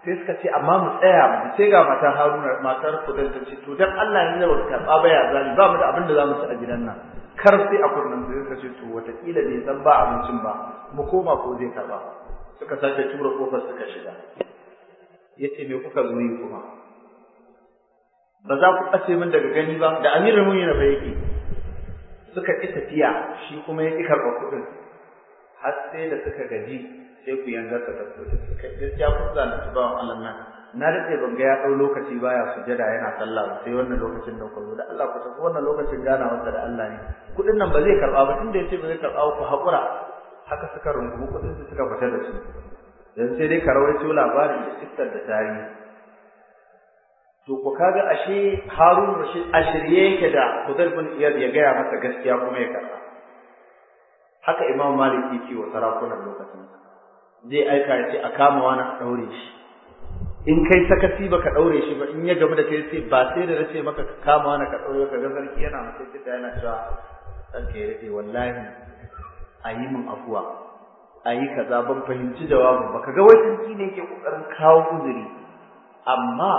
sai suka ce amma mu tsaya mu sai ga matar Haruna matar Fudan ta ce to dan Allah ya zama ka karba baya zali ba mu da abin da zamu ci a gidan nan kar sai a kunnan sai suka ce to wata kila san ba abincin ba mu koma ko zai karba suka sake tura kofar suka shiga yace me kuka zo yi kuma ba za ku ɓace min daga gani ba da amirin mun na ba yake suka ƙi tafiya shi kuma ya ƙi karɓar kuɗin har sai da suka gaji sai ku yanga ka tafi suka gaskiya kun wa Allah nan na daɗe ban ga ya ɗau lokaci baya sujada yana sallah sai wannan lokacin da kullu da Allah ku tafi wannan lokacin gana wanda da Allah ne kuɗin nan ba zai karɓa ba tunda ya ce ba zai karɓa ku haƙura haka suka rungumi kuɗin su suka fita da su dan sai dai ka rawaito labarin da da tarihi to ko kaga ashe Harun Rashid a shirye yake da Hudayl bin Iyad ya gaya masa gaskiya kuma ya kasa? haka Imam Malik yake wa sarakunan lokacin zai aika ya ce a kama wani a daure shi in kai sakati baka daure shi ba in ya gamu da kai sai ba sai da race maka ka kama wani ka daure ka ga sarki yana mutunta yana cewa dan ke rade wallahi a yi min afuwa a yi kaza ban fahimci jawabin ba kaga wai sarki ne yake kokarin kawo uzuri amma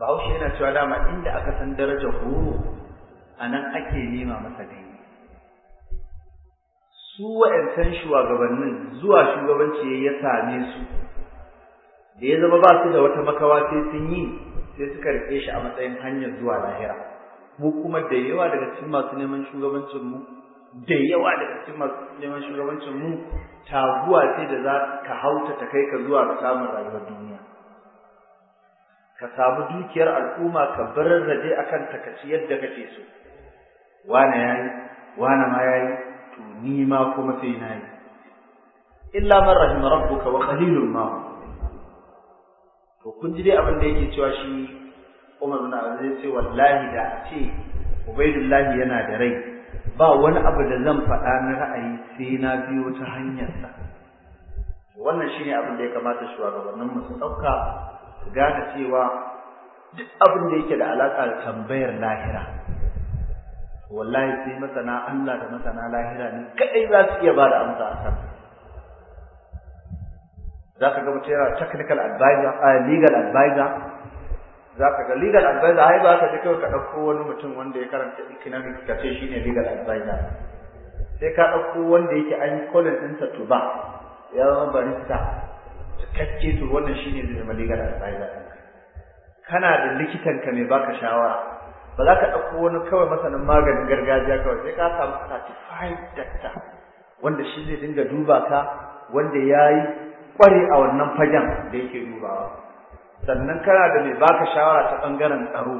bahaushe yana cewa dama inda aka san darajar horo a nan ake nema masa dai-dai, su wa'yancan shugabannin zuwa shugabanci ya same su da ya zama ba su da wata makawa sai sun yi sai suka rike shi a matsayin hanyar zuwa lahira mu kuma da yawa daga cikin masu neman shugabancin mu da yawa daga cikin masu neman shugabancin mu taguwa sai da za ka hauta ta kai ka zuwa ga samun rayuwar duniya ka samu dukiyar al'umma ka bararraje akan ta ka ci yadda kake so wane yayi wane ma yayi to ni ma kuma sai na yi illa man rahima rabbuka wa qalilun ma to kun ji dai abin da yake cewa shi Umar bin Abdul sai wallahi da a ce Ubaidullahi yana da rai ba wani abu da zan faɗa na ra'ayi sai na biyo ta hanyarsa wannan shine abin da ya kamata shugabannin mu su ɗauka gane cewa duk abin da yake da alaƙa da tambayar lahira wallahi sai masana Allah da masana lahira ne kadai za su iya ba da amsa a kan za ka ga mutum yana technical advisor a legal advisor za ka ga legal advisor ai ba ka je kawai ka ɗauko wani mutum wanda ya karanta economics ka ce shi ne legal advisor sai ka ɗauko wanda yake an kolin ɗinsa tuba ba ya zama barista cikakke to wannan shine mai legal advisor kana da likitan ka mai baka shawara ba za ka ɗauko wani kawai masanin maganin gargajiya kawai sai ka samu certified doctor wanda shi zai dinga duba ka wanda ya yi a wannan fagen da yake dubawa sannan kana da mai baka shawara ta ɓangaren tsaro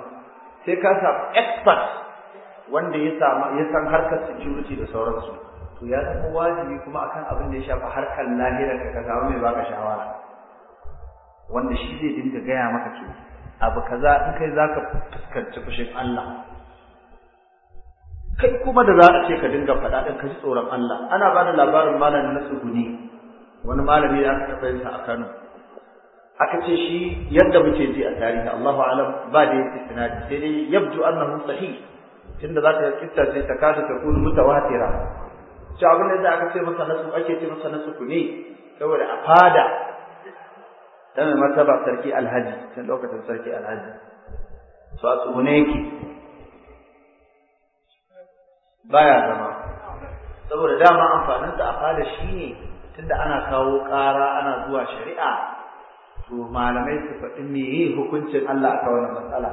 sai ka samu expert wanda ya san harkar security da sauransu to ya zama wajibi kuma akan abin da ya shafi harkar lahira ka kaza mai baka shawara wanda shi zai dinga gaya maka ce, abu kaza in kai zaka fuskanci fushin Allah kai kuma da za a ce ka dinga faɗa ɗin ka ji tsoron Allah ana bada labarin malamin na tsuguni wani malami da aka taɓa yinsa a Kano aka ce shi yadda muke ji a tarihi Allahu alam ba da yake sinadi sai dai yabdu annahu sahih tunda zaka ga kissa sai ta kasa ta kunu mutawatira cewa abin da aka ce masa nasu ake ce masa nasu ku ne saboda a fada ta mai martaba sarki alhaji can lokacin sarki alhaji su a tsugune yake baya zama saboda dama amfaninsa a fada shi ne, tunda ana kawo ƙara ana zuwa shari'a to malamai su faɗi yi hukuncin Allah a wannan matsala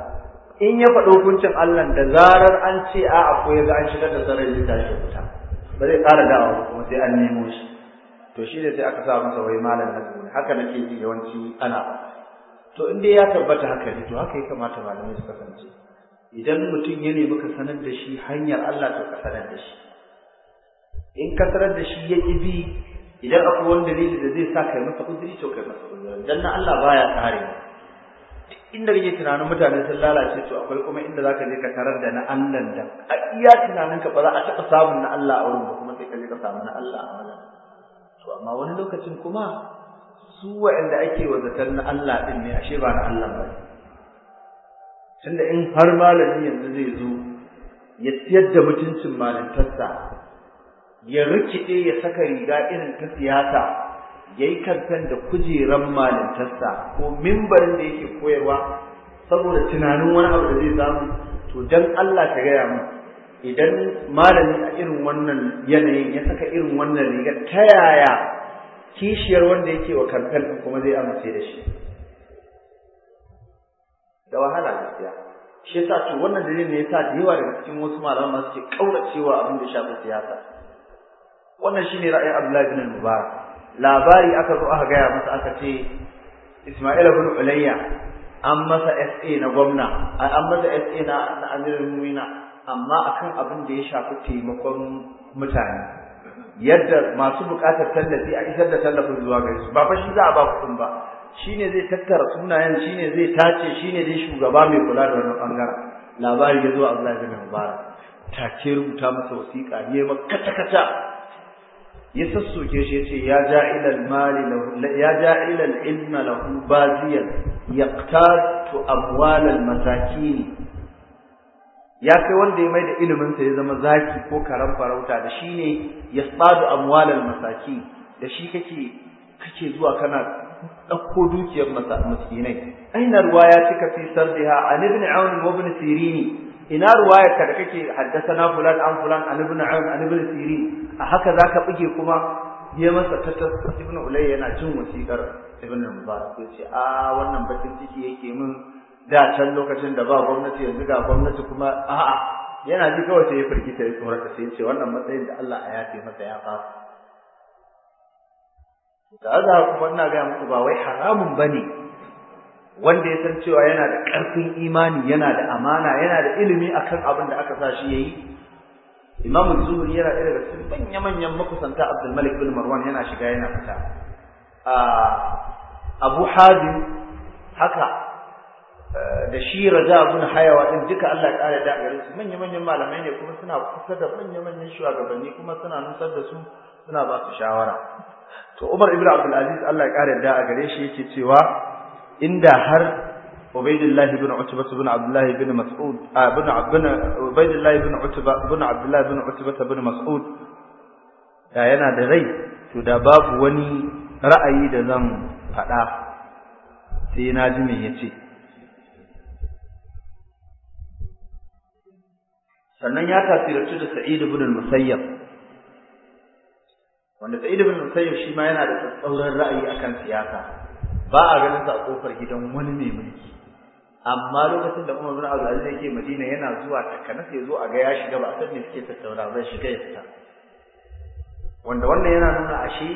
in ya faɗi hukuncin Allah da zarar an ce a akwai ga an shigar da zarar ta tashi wuta ba zai fara dawa kuma sai an nemo shi to shi ne sai aka sa masa wai malam nazmi haka nake ji yawanci ana to in dai ya tabbata haka ne to haka ya kamata malamai su kasance idan mutum ya nemi ka sanar da shi hanyar Allah to ka sanar da shi in ka sanar da shi ya ki bi idan akwai wanda dalili da zai sa kai masa uzuri to kai masa uzuri dan Allah baya kare inda kake tunanin mutane sun lalace to akwai kuma inda zaka je ka tarar da na Allah da iya tunanin ka ba za a taɓa samun na Allah a wurin ba kuma sai ka je ka samu na Allah a wurin to amma wani lokacin kuma su wa'anda ake wa na Allah din ne ashe ba na Allah ba tunda in har malami yanzu zai zo ya siyar da mutuncin malintarsa ya rikide ya saka riga irin ta siyasa yayi kantan da kujeran malintarsa ko mimbarin da yake koyarwa saboda tunanin wani abu da zai samu to dan Allah ka gaya mu idan malami a irin wannan yanayin ya saka irin wannan rigar ta yaya kishiyar wanda yake wa kantan kuma zai amince da shi da wahala gaskiya shi yasa to wannan dalilin ne yasa da yawa daga cikin wasu malaman masu ce kauracewa abin da ya shafi siyasa wannan shine ra'ayin Abdullahi bin Mubarak labari aka zo aka gaya masa aka ce Ismail ibn Ulayya an masa SA na gwamna an masa SA na na amirin muina amma akan abin da ya shafi taimakon mutane yadda masu buƙatar tallafi a isar da tallafin zuwa gare su ba fa shi za a ba kuɗin ba shine zai tattara sunayen shine zai tace shine zai shugaba mai kula da wannan bangaren labari ya zo ya bin Mubarak take rubuta masa wasiƙa ne ma kata kata ya sassoke shi yace ya ja'ilal mali lahu ya ja'ilal ilma lahu baziyan yaqtatu al masakin ya kai wanda ya mai da ilimin sa ya zama zaki ko karan farauta da shi ne yasadu al masakin da shi kake kake zuwa kana ɗauko dukiyar maskinai aina ruwa ya cika fi sardiha an ibn aun wa ibn sirini ina ruwayar ka da kake haddasa fulan an fulan an ibn aun an ibn siri a haka zaka buge kuma ya masa tatas ibn ulay yana jin wasikar ibn mubarak ya ce a wannan bakin ciki yake min da can lokacin da ba gwamnati yanzu ga gwamnati kuma a'a yana ji kawai sai ya firgita ya tsorata sai ya ce wannan matsayin da Allah ya yafe masa ya fa da za ku wannan ga muku ba wai haramun bane wanda ya san cewa yana da ƙarfin imani yana da amana yana da ilimi akan abin da aka sa shi yayi Imam Zuhri yana da daga cikin manya manyan makusanta Abdul Malik bin Marwan yana shiga yana fita Abu Hadim haka eh, da shi Raja bin Hayawa din duka Allah ya ƙara da gare su manya manyan malamai ne kuma suna kusa da manya manyan shugabanni kuma suna nusar da su suna ba su shawara to Umar ibn Abdul Aziz Allah ya ƙara da gare shi yake cewa inda har Ubaidullahi bin Utba bin Abdullahi bin Mas'ud ah, bin bin Ubaidullahi bin Utba bin Abdullahi bin Utba bin Mas'ud da yana da rai to da babu wani ra'ayi da zan faɗa sai na ji me yace sannan ya tafiratu da Sa'id ibn al-Musayyab wanda Sa'id ibn al-Musayyab shi ma yana da tsauraran ra'ayi akan siyasa ba a ganin sa a kofar gidan wani mai mulki amma lokacin da Umar bin Abdul Aziz yake Madina yana zuwa takanas ya zo a ga ya shiga ba a san me suke tattauna zai shiga ya fita wanda wannan yana nuna ashe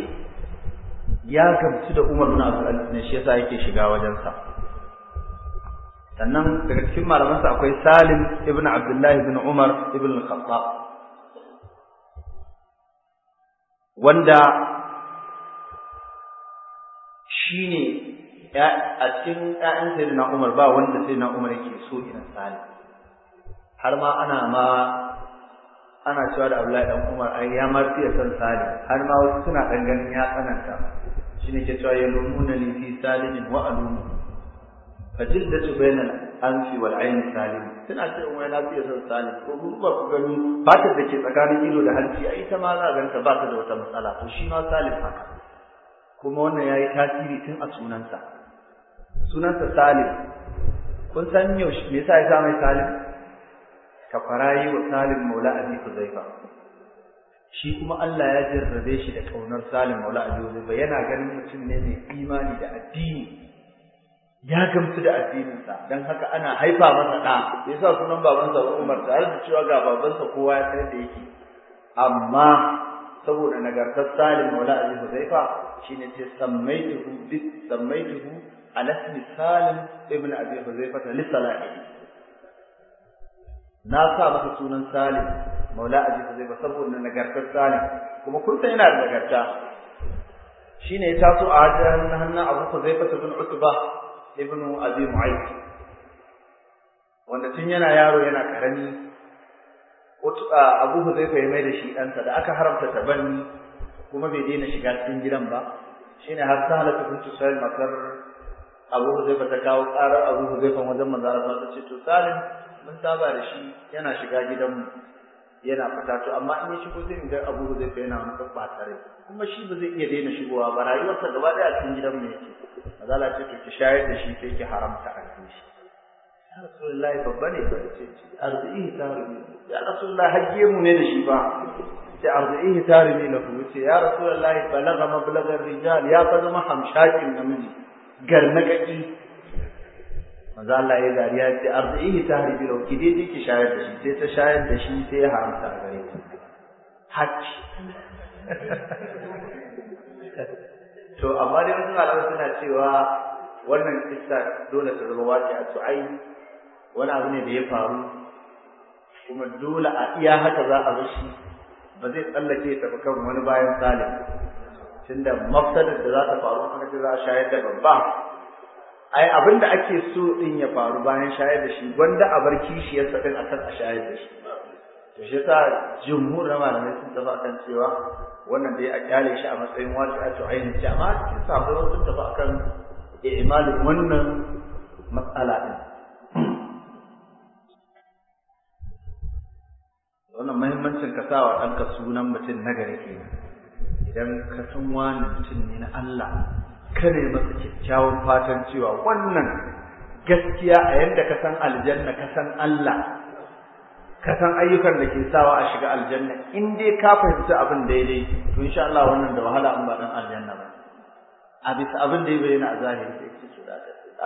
ya gamsu da Umar bin Abdul Aziz ne shi yasa yake shiga wajen sa sannan daga cikin malaman sa akwai Salim ibn Abdullah ibn Umar ibn Al-Khattab wanda shine a cikin ƴaƴan na Umar ba wanda na Umar yake so irin Salim har ma ana ma ana cewa da Abdullahi dan Umar ai ya ma ya san Salim har ma wasu suna dan ya tsananta shine ke cewa ya lumuna li fi salimin wa alumu fajildatu bainal anfi wal ayn salim suna ce wai na fiye san salim ko mun ba ku gani fatar da ke tsakanin ido da hanci ai ita ma za ganta ba ta da wata matsala to shi ma salim haka kuma wannan ya yi tasiri tun a sunansa sunansa salim kun san yaushe me yasa ya sa mai salim kafara yi wa salim maula abi kuzaifa shi kuma Allah ya jarrabe shi da kaunar salim maula abi kuzaifa yana ganin mutum ne mai imani da addini ya gamsu da addininsa dan haka ana haifa masa Me yasa sunan babansa Umar tare da cewa ga babansa kowa ya san da yake amma saboda nagartar Salim maula Abi Huzaifa shine ce sammaituhu bi sammaituhu alasmi salim سالم ابن ابي حذيفه na sa maka sunan salim maula ابي حذيفه saboda ان salim kuma كما كنت yana da nagarta shine ya taso a hajjar hannun abu huzaifa ibn utba ibn abi wanda tun yana yaro yana karami abu huzaifa ya mai da shi ɗansa da aka haramta tabanni kuma bai daina shiga cikin gidan ba shine har sahala ta kuntu sai makar abu zai ta kawo karar abu huzaifa wajen manzara Allah ta ce to salim mun saba da shi yana shiga gidanmu yana fita to amma in ya shigo zai ga abu huzaifa yana mutum ba tare kuma shi ba zai iya daina shigowa ba rayuwarsa gaba daya cikin gidan mu yake azala ce to ki shayar da shi sai ki haramta a cikin shi ya rasulullahi babba ne ba ce arzihi tarimi ya rasulullahi hajje mu ne da shi ba ce arzihi tarimi lahu ce ya rasulullahi balagha mablagar rijal ya fa zama hamshakin namiji garmakaki manzo Allah ya dariya ce arzihi tahribi lau kidi dai ki shayar da shi sai ta shayar da shi sai ya haramta a gare ta Haji. to amma dai wasu malamai suna cewa wannan kissa dole ta zama wace a to ai wani abu ne da ya faru kuma dole a iya haka za a zo shi ba zai tsallake ta kan wani bayan salim tunda mafsadar da za ta faru a ce za a shayar da babba ai abin da ake so din ya faru bayan shayar da shi gwanda a bar ya sakin din akan a shayar da shi to shi yasa jumhur na malamai sun tafi akan cewa wannan dai a kyale shi a matsayin wajibi a tu'ayin jama'a cikin sabo sun tafi akan i'malin wannan matsala din wannan muhimmancin ka sa wa ɗanka sunan mutum nagari kenan idan ka san wani mutum ne na Allah ka ne masa kyakkyawan fatan cewa wannan gaskiya a yadda ka san aljanna ka san Allah ka san ayyukan da ke sawa a shiga aljanna in dai ka fahimci abin daidai to insha Allah wannan da wahala an ba dan aljanna ba a bisa abin da ya bayyana a zahiri sai ce su da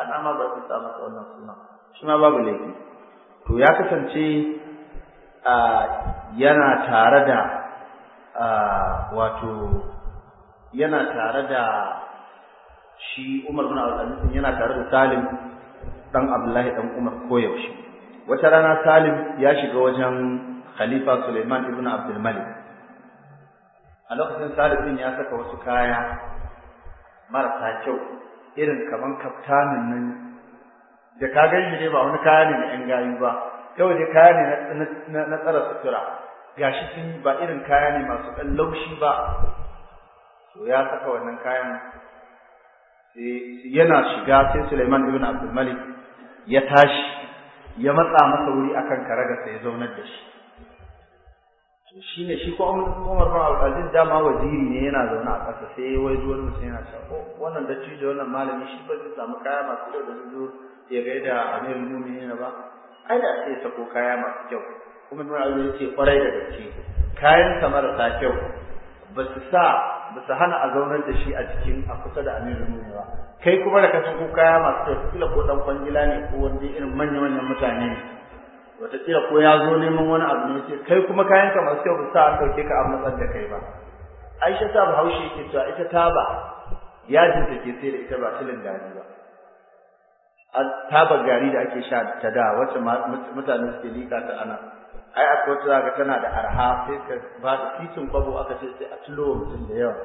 ana ma ba su samu wannan suna shi ma babu laifi to ya kasance yana tare da wato yana tare da shi Umar bin Al-Aziz yana tare da Salim dan Abdullahi dan Umar ko yaushe? wata rana Salim ya shiga wajen Khalifa Suleiman ibn Abdul Malik a lokacin Salim din ya saka wasu kaya marasa kyau irin kaman kaftanin nan da ka gani ne ba wani kaya ne na 'yan gayu ba kawai dai kaya ne na tsara sutura gashi sun ba irin kaya ne masu ɗan laushi ba to ya saka wannan kayan yana shiga sai Sulaiman ibn Abdulmalik ya tashi ya matsa masa wuri akan karagarsa ya zaunar da shi shi ne shi ko Umar bin Abdulaziz dama waziri ne yana zaune a ƙasa sai wai zuwa sai yana cewa oh, wannan da wannan malami shi ba zai samu kaya masu kyau da zai zo ya gaida Amirul Mu'minin ba ai da sai ya sako kaya masu kyau kuma nuna ya ce kwarai da gaske kayan sa marasa kyau ba su sa ba su hana a zaunar da shi a cikin a kusa da aminu ne ba kai kuma da kasan ko kaya masu kyau kila ko dan kwangila ne ko wanda irin manya manyan mutane ne wataƙila ko ya zo neman wani abu ne ce kai kuma kayan ka masu kyau ba sa an ɗauke ka an matsar da kai ba aisha ta bahaushe yake cewa ita taba yajin ta ke sai da ita ba tilin gari ba a taba gari da ake sha ta da wacce mutane suke liƙa ta ana ai akwai wata zaga tana da arha sai ka ba da titin kwabo aka ce sai a tulowa mutum da yawa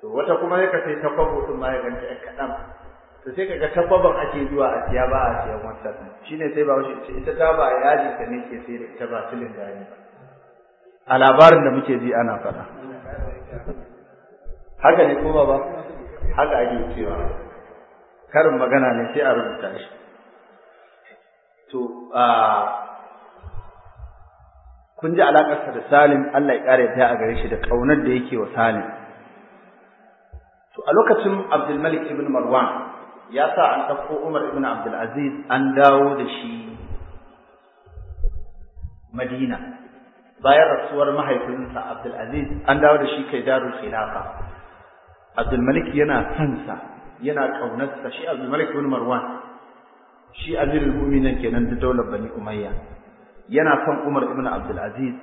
to wata kuma sai ka sai ta kwabo din ma ya ganta ɗan kaɗan to sai ka ga ta kwabon ake zuwa a siya ba a siyan wancan ne sai ba wuce ita ta ba yaji ta ne ke sai da ita ba tilin gani ba a labarin da muke ji ana faɗa haka ne ko ba haka ake cewa karin magana ne sai a rubuta shi to a ah, kun ji alaƙarsa da Salim Allah ya kare ta a gare shi da kaunar da yake wa Salim to a lokacin Abdul Malik ibn Marwan ya sa an dauko Umar ibn Abdul Aziz an dawo da shi Madina bayan rasuwar mahaifinsa Abdul Aziz an dawo da shi kai Daru Khilafa Abdul Malik yana son sa yana sa, shi Abdul Malik ibn Marwan shi Amirul Mu'minin kenan da daular Bani Umayya yana son Umar ibn Abdul Aziz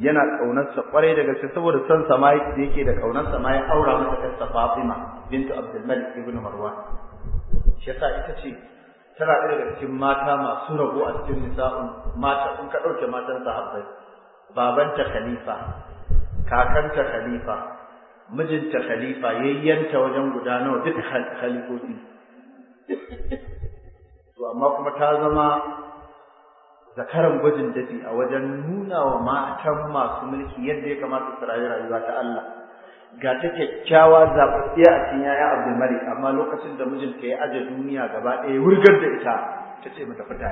yana kaunarsa kwarai da gaske saboda son sa da yake da kaunarsa ma ya aura mata kansa Fatima bintu Abdul Malik ibn Marwan shi yasa ita ce tana da daga cikin mata masu rabo a cikin nisa'un mata in ka ɗauke matan sahabbai babanta khalifa kakanta khalifa mijinta khalifa yayyanta wajen gudanar duk khalifofi to amma kuma ta zama zakaran gwajin dafi a wajen nuna wa matan masu mulki yadda ya kamata su rayu rayuwa ta Allah ga ta kyakkyawa zaɓaɓɓiya a cikin yaya Abdul Malik amma lokacin da mijinta ya aje duniya gaba ɗaya wurgar da ita ta ce mata fita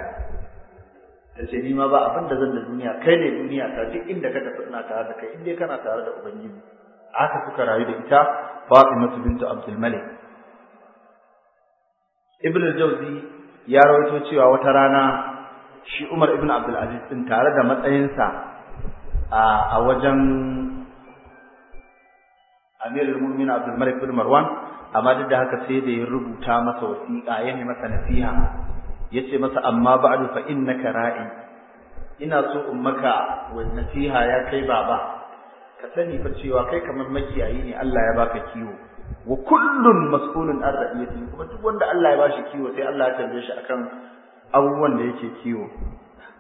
ta ce ni ma ba abin da zan da duniya kai ne duniya ta duk inda ka tafi ina tare da kai inda kana tare da ubangiji haka suka rayu da ita Fatimatu bintu Abdul Malik Ibn al-Jawzi ya rawaito cewa wata rana shi Umar ibn Abdul Aziz din tare da matsayinsa a wajen Amir al-Mu'min Abdul Malik bin Marwan amma duk da haka sai da ya rubuta masa wasiƙa ya masa nasiha yace masa amma ba'du fa innaka ra'i ina so in maka nasiha ya kai baba ka sani fa cewa kai kamar makiyayi ne Allah ya baka kiwo wa kullun mas'ulun ar ra'iyati kuma duk wanda Allah ya bashi kiwo sai Allah ya tambaye shi akan abubuwan da yake kiwo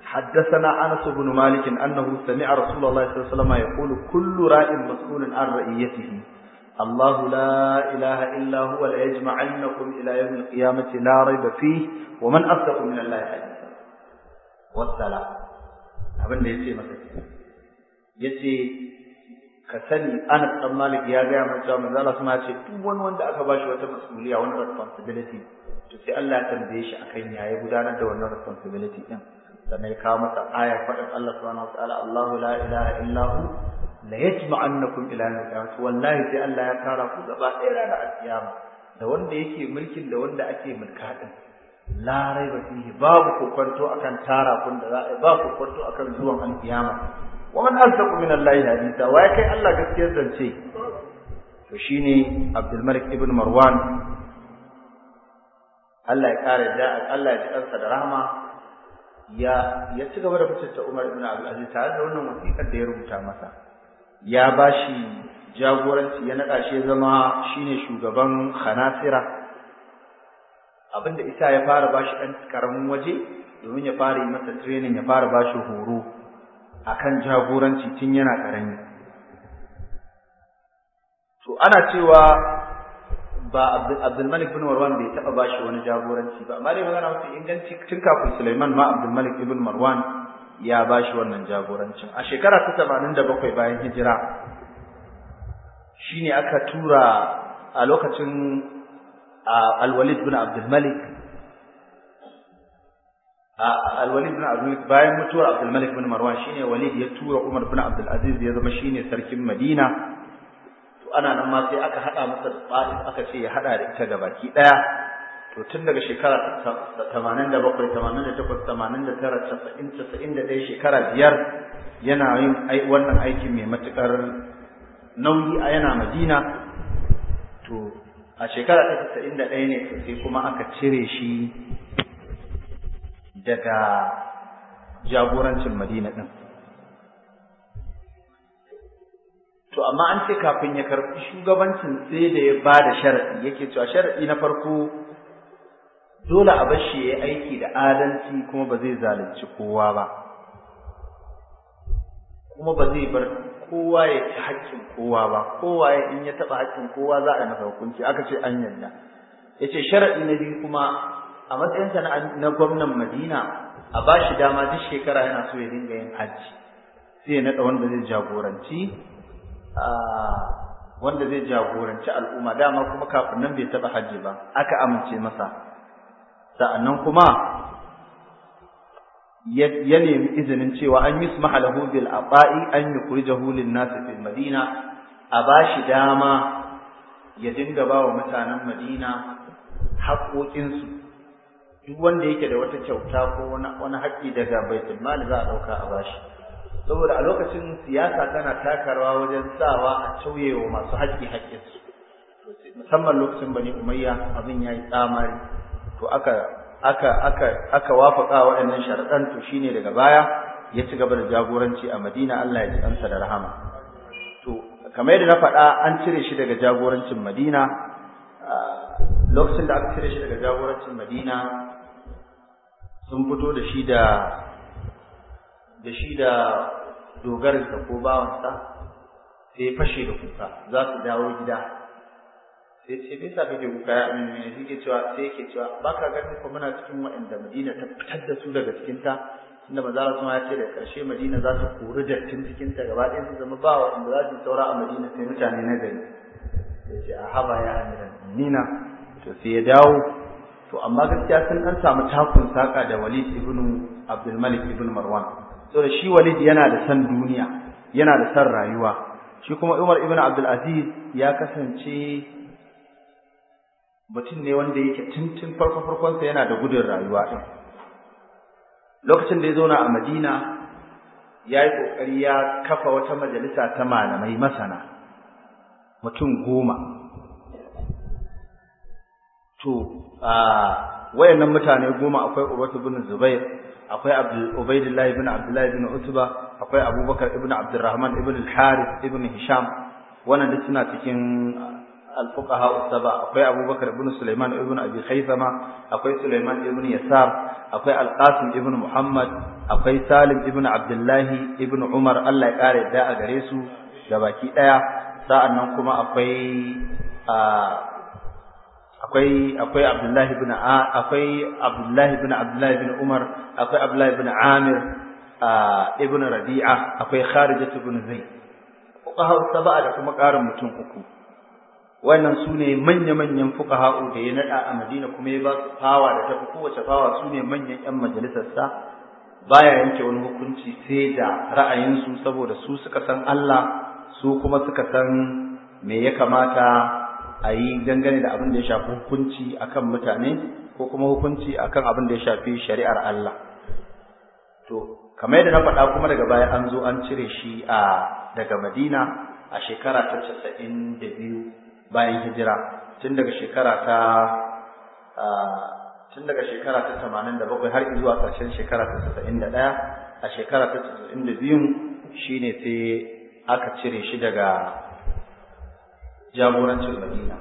حدثنا أنس بن مالك أنه سمع رسول الله صلى الله عليه وسلم يقول كل راء مسؤول عن رئيته الله لا إله إلا هو ليجمعنكم إلى يوم القيامة لا ريب فيه ومن أصدق من الله حديثا والسلام abin da yace masa yace ka sani Anas dan Malik ya ga masa manzo Allah sama yace duk wani wanda aka bashi wata mas'uliya wani responsibility to sai Allah ya tambaye shi akan ya gudanar da wannan responsibility din sannan ya kawo masa ayar faɗin Allah subhanahu wataala Allahu la ilaha illa hu la yajma'annakum ila wallahi sai Allah ya tara ku gaba ɗaya ranar alkiyama da wanda yake mulkin da wanda ake mulka din la raiba fihi babu kokonto akan tara kun da za a ba kokonto akan zuwan alkiyama wa man azzaqu min Allah hadisa wa kai Allah gaskiyar zance to shine Abdul Malik ibn Marwan Allah ya kare da Allah ya ji da rahama ya ya ci gaba da fitar Umar ibn Abdul Aziz tare da wannan wasiƙar da ya rubuta masa ya bashi jagoranci ya naɗa shi zama shine shugaban Khanasira abinda isa ya fara bashi ɗan karamin waje domin ya fara yi masa training ya fara bashi horo akan jagoranci tun yana karami to ana cewa ba Abdulmalik bin Marwan bai taɓa bashi wani jagoranci ba amma dai magana mafi inganci tun kafin Sulaiman ma Abdulmalik bin Marwan ya ba shi wannan jagorancin a shekara ta 87 bayan hijira shine aka tura a lokacin Al-Walid bin Abdulmalik Al-Walid bin Abdulmalik bayan mutuwar Abdulmalik bin Marwan shine Walid ya tura Umar bin Abdulaziz ya zama shine sarkin Madina ana nan ma sai aka haɗa masa da aka ce ya haɗa da ita gabaki ɗaya to tun daga shekara tamanin da bakwai tamanin da takwas tamanin da tara casa'in casa'in da ɗaya shekara biyar yana yin wannan aikin mai matuƙar nauyi a yana madina to a shekara ta casa'in da ɗaya ne sai kuma aka cire shi daga jagorancin madina ɗin to amma an ce kafin ya karɓi shugabancin sai da ya ba da sharaɗi yake cewa sharaɗi na farko dole a bar shi ya yi aiki da adalci kuma ba zai zalunci kowa ba kuma ba zai bar kowa ya ci haƙƙin kowa ba kowa ya in ya taɓa haƙƙin kowa za a yi masa hukunci aka ce an yadda. ya ce sharaɗi na biyu kuma a matsayinsa na gwamnan madina a ba shi dama duk shekara yana so ya dinga yin hajji sai ya naɗa wanda zai jagoranci Ah, wanda zai jagoranci al'umma dama kuma kafin nan bai taba hajji ba aka amince masa sa'annan kuma ya nemi izinin cewa an yi suma lahu bil aba'i an yi kurjahu lin nas fil madina a bashi dama ya dinga ba wa mutanen madina haƙoƙinsu duk wanda yake da wata kyauta ko wani haƙƙi daga baitul mal za a ɗauka a bashi saboda a lokacin siyasa tana takarwa wajen sawa a cauyewa masu haƙƙi haƙƙinsu musamman lokacin bani umayya abin ya yi tsamari to aka aka aka aka wafaka waɗannan sharaɗan to shine daga baya ya ci gaba da jagoranci a Madina Allah ya ji ansa da rahama to kamar yadda na faɗa an cire shi daga jagorancin Madina lokacin da aka cire shi daga jagorancin Madina sun fito da shi da da shi da dogarinsa ko bawansa sai fashe da kuka za su dawo gida sai ce bai sa kuka ya amin ne yake cewa sai yake cewa baka ganin ko muna cikin waɗanda Madina ta fitar da su daga cikinta? ta tunda manzo kuma ya ce da ƙarshe Madina za su kori dattin cikinta gaba ɗaya su zama bawa waɗanda za su saura a Madina sai mutane na gari Sai ce a haba ya amiran nina to sai ya dawo to amma gaskiya sun an samu takun saka da Walid ibn Abdulmalik ibn Marwan saboda shi Walid yana da san duniya yana da san rayuwa shi kuma Umar ibn Abdul Aziz ya kasance mutum ne wanda yake tuntun farko farkon sa yana da gudun rayuwa din lokacin da ya zauna a Madina ya yi kokari ya kafa wata majalisa ta malamai masana mutum goma to a wayannan mutane goma akwai Urwatu bin Zubair akwai Ubaidillah ibn ibn Utba akwai Abubakar ibn Abdurrahman ibn al-Harith ibn Hisham wannan duk suna cikin al-fuqaha usaba akwai Abubakar ibn Sulaiman ibn Abi Khaythama akwai Sulaiman ibn Yasar akwai Al-Qasim ibn Muhammad akwai Salim ibn abdullahi ibn Umar Allah ya kare da a gare su gabaki daya sa'annan kuma akwai ah, akwai akwai Abdullah ibn A akwai Abdullah ibn Abdullah ibn Umar akwai Abdullah ibn Amir ibn Rabi'a akwai kharijat ibn Zayd fuqaha sab'a da kuma karin mutum uku wannan sune manya-manyan fuqaha da ya nada a Madina kuma ya ba fawa da ta kowace fawa sune manyan 'yan majalisar sa baya yanke wani hukunci sai da ra'ayinsu saboda su suka san Allah su kuma suka san me ya kamata a yi dangane da abin da ya shafi hukunci akan mutane ko kuma hukunci akan abin da ya shafi shari'ar Allah to kamar yadda na faɗa kuma daga baya an zo an cire shi a daga Madina a shekara ta casa'in da biyu bayan hijira tun daga shekara ta tun daga shekara ta tamanin da bakwai har zuwa ƙarshen shekara ta casa'in da ɗaya a shekara ta casa'in da biyun shine sai aka cire shi daga jagorancin Madina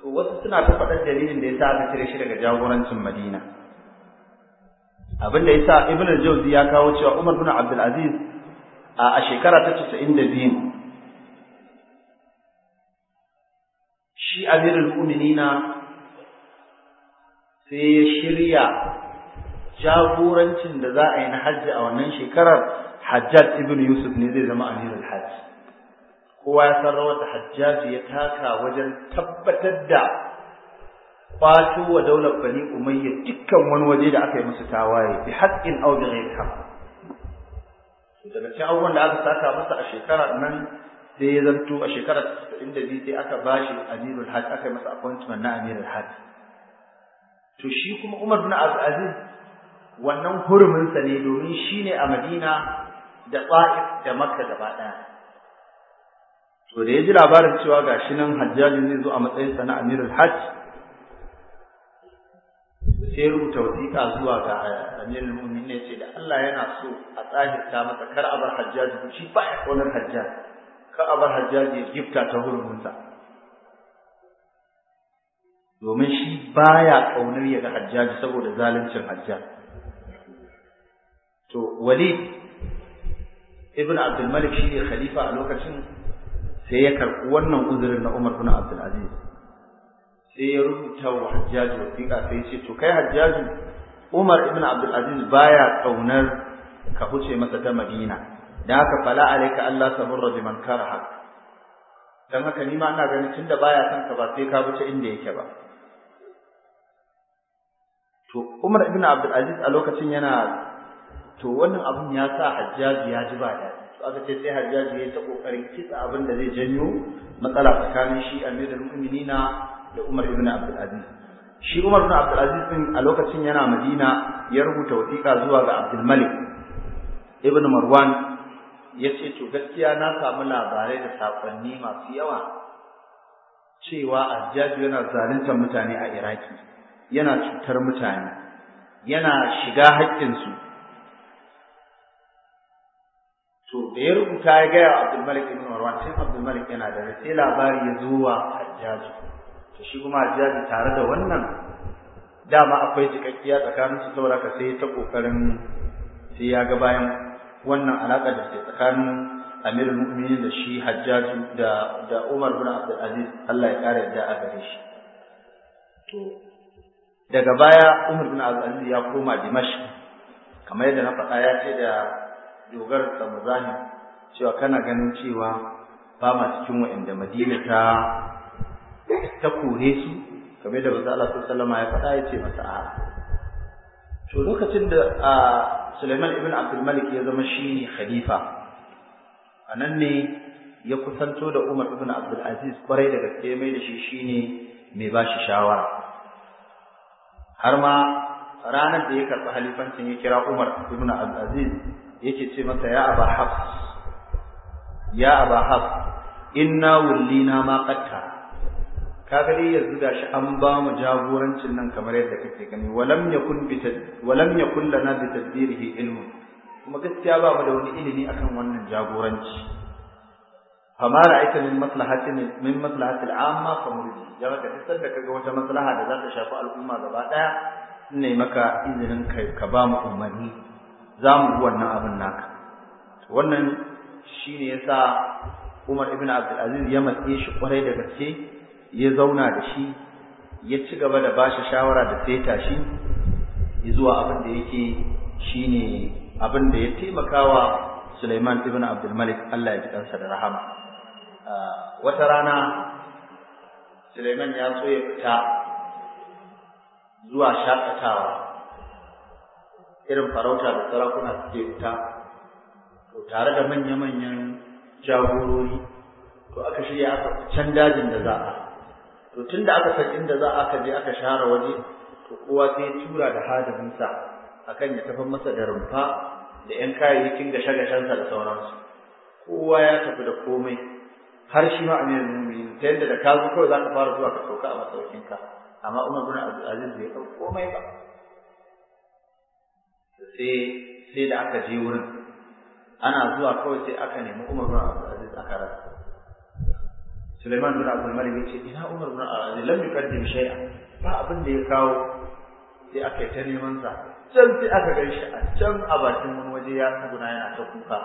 to wasu suna ta faɗar dalilin da yasa aka cire shi daga jagorancin Madina Abinda ya yasa Ibn al-Jawzi ya kawo cewa Umar bin Abdul Aziz a shekara ta 92 shi Amirul Mu'minina sai ya shirya jagorancin da za a yi na hajji a wannan shekarar Hajjaj ibn Yusuf ne zai zama Amirul Hajji kowa ya san rawar da hajjaji ya taka wajen tabbatar da kwato wa daular bani umayya dukkan wani waje da aka yi musu tawaye bi haqqin aw bi ghairi daga cikin abubuwan da aka saka masa a shekara nan sai ya zanto a shekara biyu sai aka bashi amirul hajj aka yi masa appointment na amirul hajj to shi kuma Umar bin abdulaziz wannan hurumin sa ne domin shine a Madina da Ta'if da Makka gaba daya to da ya ji labarin cewa ga shi nan hajjaji zai zo a matsayin sana'a na amirul hajj sai rubuta wasiƙa zuwa ga amirul mu'minin ne ce da Allah yana so a tsahirta masa kar a bar hajjaji shi ba ya ƙonar hajjaji kar a bar hajjaji ya gifta ta hurumunsa domin shi ba ya ƙaunar ya ga hajjaji saboda zaluncin hajjaji to walid ibn abdul malik shi ne khalifa a lokacin sai ya karɓi wannan uzurin na Umar bin Abdul Aziz sai ya rubuta wa Hajjaj wasiƙa sai ya ce to kai Hajjaj Umar ibn Abdul Aziz baya kaunar ka huce masa ta Madina dan haka fala alayka Allah tabarra biman karaha dan haka ni ma ina ganin tunda baya son ka ba sai ka huce inda yake ba to Umar ibn Abdul Aziz a lokacin yana to wannan abun ya sa Hajjaj ya ji ba daɗi aka ce sai hajjaji ya ta kokarin kitsa abin da zai janyo matsala tsakanin shi amirul mu'minina da Umar ibn Abdul Aziz shi Umar ibn Abdul Aziz din a lokacin yana Madina ya rubuta wasiƙa zuwa ga Abdul Malik ibn Marwan ya ce to gaskiya na samu labarai da sakonni masu yawa cewa hajjaji yana zaluntar mutane a Iraki yana cutar mutane yana shiga haƙƙinsu su to da ya rubuta ya gaya wa Abdulmalik ibn Marwan sai Malik yana da sai labari ya zo wa Hajjaj to shi kuma Hajjaj tare da wannan dama akwai jikakkiya tsakanin su saboda ka sai ta kokarin sai ya ga bayan wannan alaka da ke tsakanin Amir Mu'minin da shi Hajjaj da da Umar bin Abdul Aziz Allah ya kare da a gare shi to daga baya Umar bin Abdul Aziz ya koma Dimashq kamar yadda na faɗa ya ce da dogar ramazani cewa kana ganin cewa ba ma cikin wa'anda madina ta ta kore su kamar da manzo Allah sallallahu alaihi ya faɗa ya ce masa a to lokacin da Sulaiman ibn Abdul Malik ya zama shine khalifa anan ne ya kusanto da Umar ibn Abdul Aziz kwarai da gaske mai da shi shine mai ba shi shawara har ma ranar da ya karɓi halifancin ya kira Umar ibn Abdul Aziz yake ce masa ya aba hafs ya aba hafs inna wullina ma qatta kaga dai yanzu gashi an ba mu jagorancin nan kamar yadda kake gani walam yakun bi walam yakun lana bi tadbirihi ilmu kuma gaskiya ba mu da wani ilimi akan wannan jagoranci فما رأيت من مصلحة من مصلحة العامة فمرجي wata maslaha da وجه مصلحة ذات شافاء الأمة ذبادا ne maka izinin kai ka ba mu umarni za mu bi wannan abin naka wannan shi shine sa Umar ibn Abdul Aziz ya matse shi kwarai da gaske ya zauna da shi ya ci gaba da bashi shawara da feta shi zuwa abin da yake ne abin da ya taimakawa Suleiman ibn Abdul Allah ya ji ɗansa da rahama ah, wata rana Suleiman ya so ya fita zuwa shakatawa irin farauta da sarakuna suke fita to tare da manya-manyan jagorori to aka shirya aka can dajin da za a to tun da aka san inda za a aka je aka share waje to kowa sai ya tura da a akan ya tafi masa da rumfa da 'yan kayayyakin gashe-gashensa da sauransu kowa ya tafi da komai har shi ma amirul numi, ta yadda da ka zo kawai za ka fara zuwa ka sauka a masaukinka amma umar bin aziz bai kai komai ba sai sai da aka je wurin ana zuwa kawai sai aka nemi Umar bin Abdul Aziz aka Suleiman Sulaiman bin Abdul Malik ya ce ina Umar bin Abdul Aziz lam yuqaddim shay'a ba abin da ya kawo sai aka yi ta neman sa can sai aka gan shi a can a bakin wani waje ya tsuguna yana ta kuka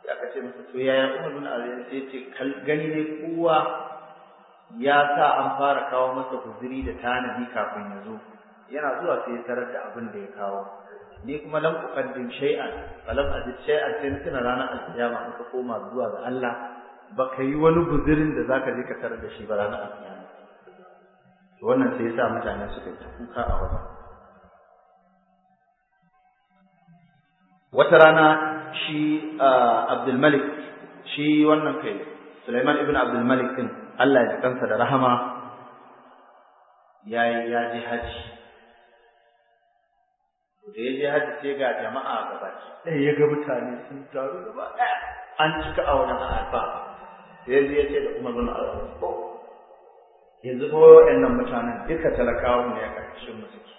sai aka ce masa to yaya Umar bin Abdul Aziz ya ce gani ne kowa ya sa an fara kawo masa guzuri da tanadi kafin ya zo yana zuwa sai ya tarar da abin da ya kawo ni kuma lam uqaddim shay'an falam ajid shay'an sai tuna ranar alkiyama in ka koma zuwa ga Allah baka yi wani guzurin da zaka je ka tarar da shi ba ranar alkiyama to wannan sai yasa mutane suka yi kuka a wajen wata rana shi Abdul Malik shi wannan kai Sulaiman ibn Abdul Malik din Allah ya kansa da rahama yayi ya ji haji da ya je hajji sai ga jama'a gaba ɗaya ya ga mutane sun taru gaba ɗaya an cika a wajen alfa ya je ya ce da kuma bin al yanzu ko waɗannan mutanen duka talakawa ne a ƙarƙashin mu suke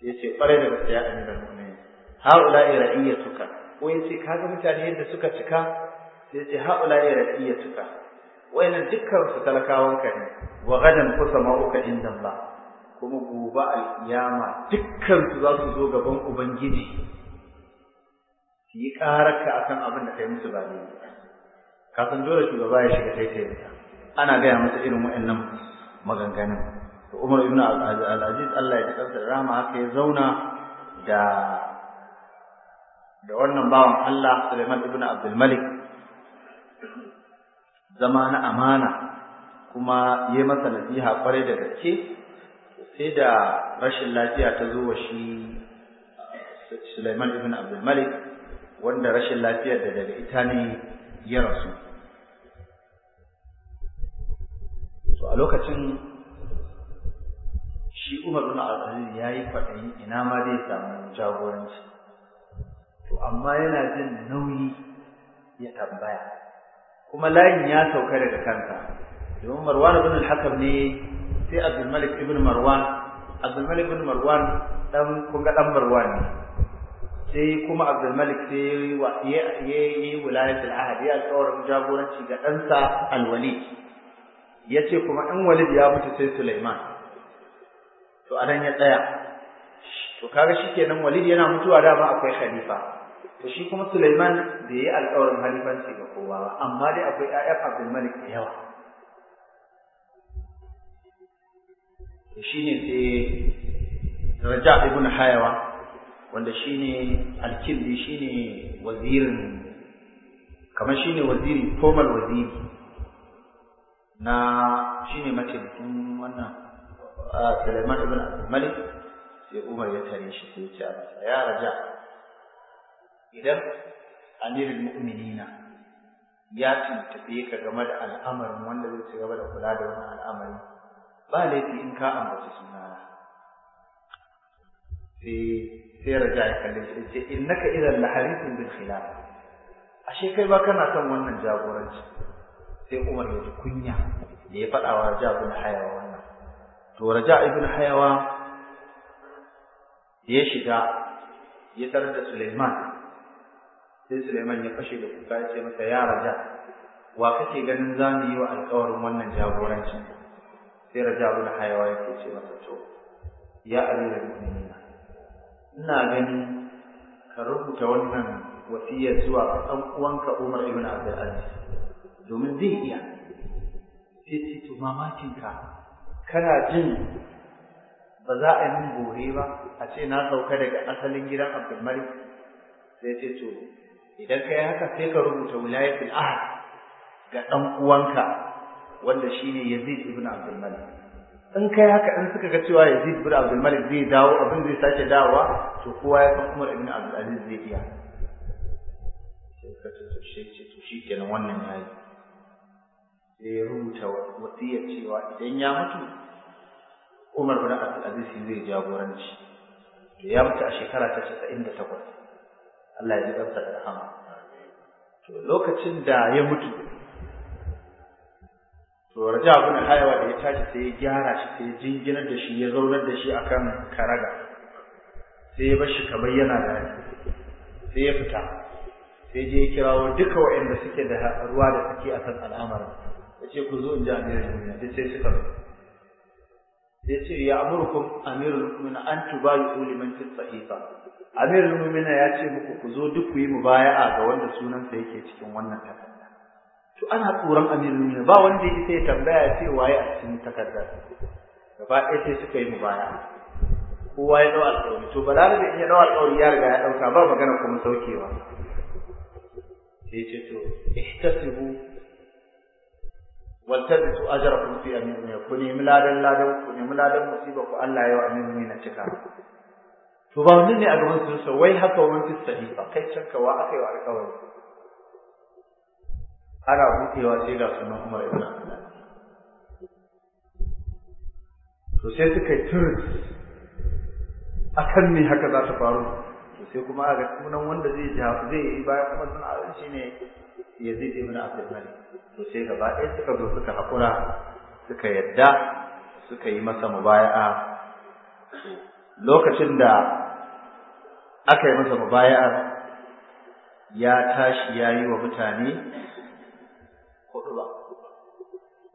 ya ce ƙwarai da gaskiya amiran mu'minin haula ra'iyatuka ko ya ce kaga mutane yadda suka cika sai ce haula tuka. wayannan dukkan su talakawan ka ne wa gadan kusa ma'uka inda Allah kuma gobe alkiyama dukkan su za su zo gaban ubangiji su yi ƙararka kan abin da kai musu ba ne ka san dole shugaba ya shiga taitayinsa ana gaya masa irin waɗannan maganganun to Umar ibn al-Aziz Allah ya tsaka da rama haka ya zauna da da wannan bawan Allah Sulaiman ibn Abdul Malik zama na amana kuma ya masa nasiha kwarai da gaske sai da rashin lafiya ta zo wa shi Sulaiman ibn Abdul Malik wanda rashin lafiyar da daga ita ne ya rasu to a lokacin shi Umar ibn Abdul ya yi faɗin, ina ma zai samu jagoranci to amma yana jin nauyi ya tambaya kuma layin ya sauka daga kanta. domin Marwan ibn al-Hakam ne sai Abdul Malik ibn Marwan Abdul Malik ibn Marwan dan kun ga dan Marwan ne sai kuma Abdul Malik sai wa ya yi al ahad ya alƙawarin jagoranci ga ɗansa Al-Walid yace kuma in Walid ya mutu sai Sulaiman to anan ya tsaya to kaga shikenan Walid yana mutuwa da ba akwai khalifa to shi kuma Sulaiman da yayi alƙawarin halifanci ga kowa amma dai akwai ƴaƴan Abdul Malik da yawa shine sai Raja ibn Hayawa wanda shine alkindi shine wazirin kamar shine waziri formal waziri na shine mataimakin wannan Sulaiman ibn Malik sai Umar ya tare shi sai ya ce ya Raja idan amirul mu'minina ya tuntube ka game da al'amarin wanda zai ci gaba da kula da wannan al'amarin ba laifi in ka ambaci sunana sai sai raja ya kalle shi ce innaka idan la harifin bil khilaf ashe kai ba kana son wannan jagoranci sai Umar ya ji kunya da ya faɗa wa Raja ibn Hayawa wannan to Raja ibn Hayawa ya shiga ya tarar da suleiman sai Suleiman ya fashe da kuka ya ce masa ya Raja wa kake ganin za mu yi wa alƙawarin wannan jagorancin sai rajabu da hayawa yake ce masa to ya amira mu'minina ina gani ka rubuta wannan wasiya zuwa ga ɗan uwanka Umar ibn Abdul Aziz domin zai iya sai ce to mamakinka kana jin ba za a yi min bore ba a ce na sauka daga asalin gidan Abdul Malik sai ce to idan ka yi haka sai ka rubuta wilayatul ahad ga ɗan uwanka wanda shi ne Yazid ibn Abdul Malik in kai haka in suka ga cewa Yazid ibn Abdul Malik zai dawo abin zai sake dawowa to kowa ya san Umar ibn Abdul Aziz zai iya sai ka ce to shi kenan wannan yayi sai ya rubuta wasiyar cewa idan ya mutu Umar bin Abdul Aziz zai jagoranci to ya mutu a shekara ta 98 Allah ya ji ɗansa da rahama to lokacin da ya mutu to raja abin hayawa da ya tashi sai ya gyara shi sai ya jinginar da shi ya zaunar da shi akan karaga sai ya bar shi kamar yana da sai ya fita sai je ya kirawo duka waɗanda suke da ruwa da suke a kan al'amarin ya ce ku zo in ji amirin duniya sai sai suka sai ce ya amurkum amirin mu'mina an tubayu liman fi sahifa amirin mu'mina ya ce muku ku zo duk ku yi mubaya'a ga wanda sunansa yake cikin wannan takarda to ana tsoron ne, ba wanda ya sai tambaya ce waye a cikin takardar gaba ɗaya sai suka yi mu baya kowa ya dawo alƙawari to balarabe in ya dawo alƙawari ya riga ya ɗauka ba magana kuma saukewa sai ce to ihtasibu waltabitu ajrakum fi aminiya ku nemi ladan ladan ku nemi ladan musiba ku Allah ya wa aminiya na cika to ba wani ne a gaban su wai haka wani sahifa kai canka wa aka yi alƙawari ana buɗewa sai ga sunan Umar ibn Abdullah to sai suka yi akan ne haka za ta faru to sai kuma a ga sunan wanda zai ja zai yi bayan kuma suna a shi ne Yazid ibn Abdul Malik to sai gaba ɗaya suka zo suka haƙura suka yadda suka yi masa mubaya'a lokacin da aka yi masa mubaya'a ya tashi ya yi wa mutane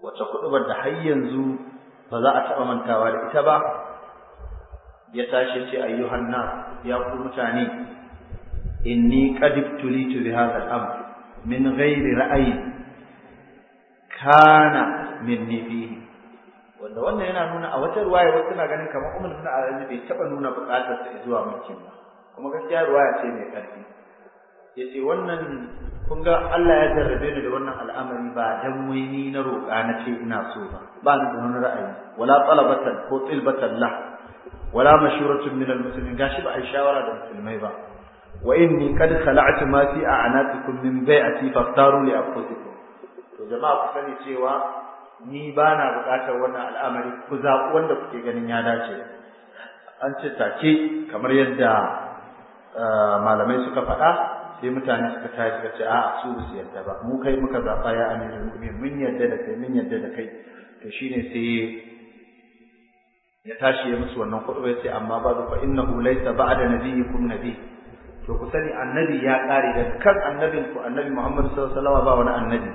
wace kuɗu ba da har yanzu ba za a taɓa mantawa da ita ba ya tashi ce ayyuhan ya ku mutane inni qad ibtulitu bi hadha al min ghairi ra'ayi kana min fihi wanda wannan yana nuna a wata ruwaya wasu na ganin kamar umar suna a bai taɓa nuna buƙatar sa zuwa mulkin ba kuma gaskiya ruwaya ce mai ƙarfi yace wannan kun ga Allah ya jarrabe ni da wannan al'amari ba dan wai ni na roƙa na ce ina so ba ba ni da wani ra'ayi wala talabatan ko tilbatan la wala mashuratun min almuslimin gashi ba ai shawara da musulmai ba wa inni qad khala'tu ma fi a'natikum min bai'ati faftaru li anfusikum to jama'a ku sani cewa ni ba na buƙatar wannan al'amari ku zaɓi wanda kuke ganin ya dace an ce take kamar yadda eh, malamai suka faɗa sai mutane suka ta suka ce a su su yarda ba mu kai muka zaɓa ya aminul mu'min mun yarda da kai mun yarda da kai to shine sai ya tashi ya musu wannan kuɗi ce, amma ba inna hu laysa ba'da nabiyyikum nabi to ku sani annabi ya ƙare da kan annabin ku annabi Muhammad sallallahu alaihi wasallam ba wani annabi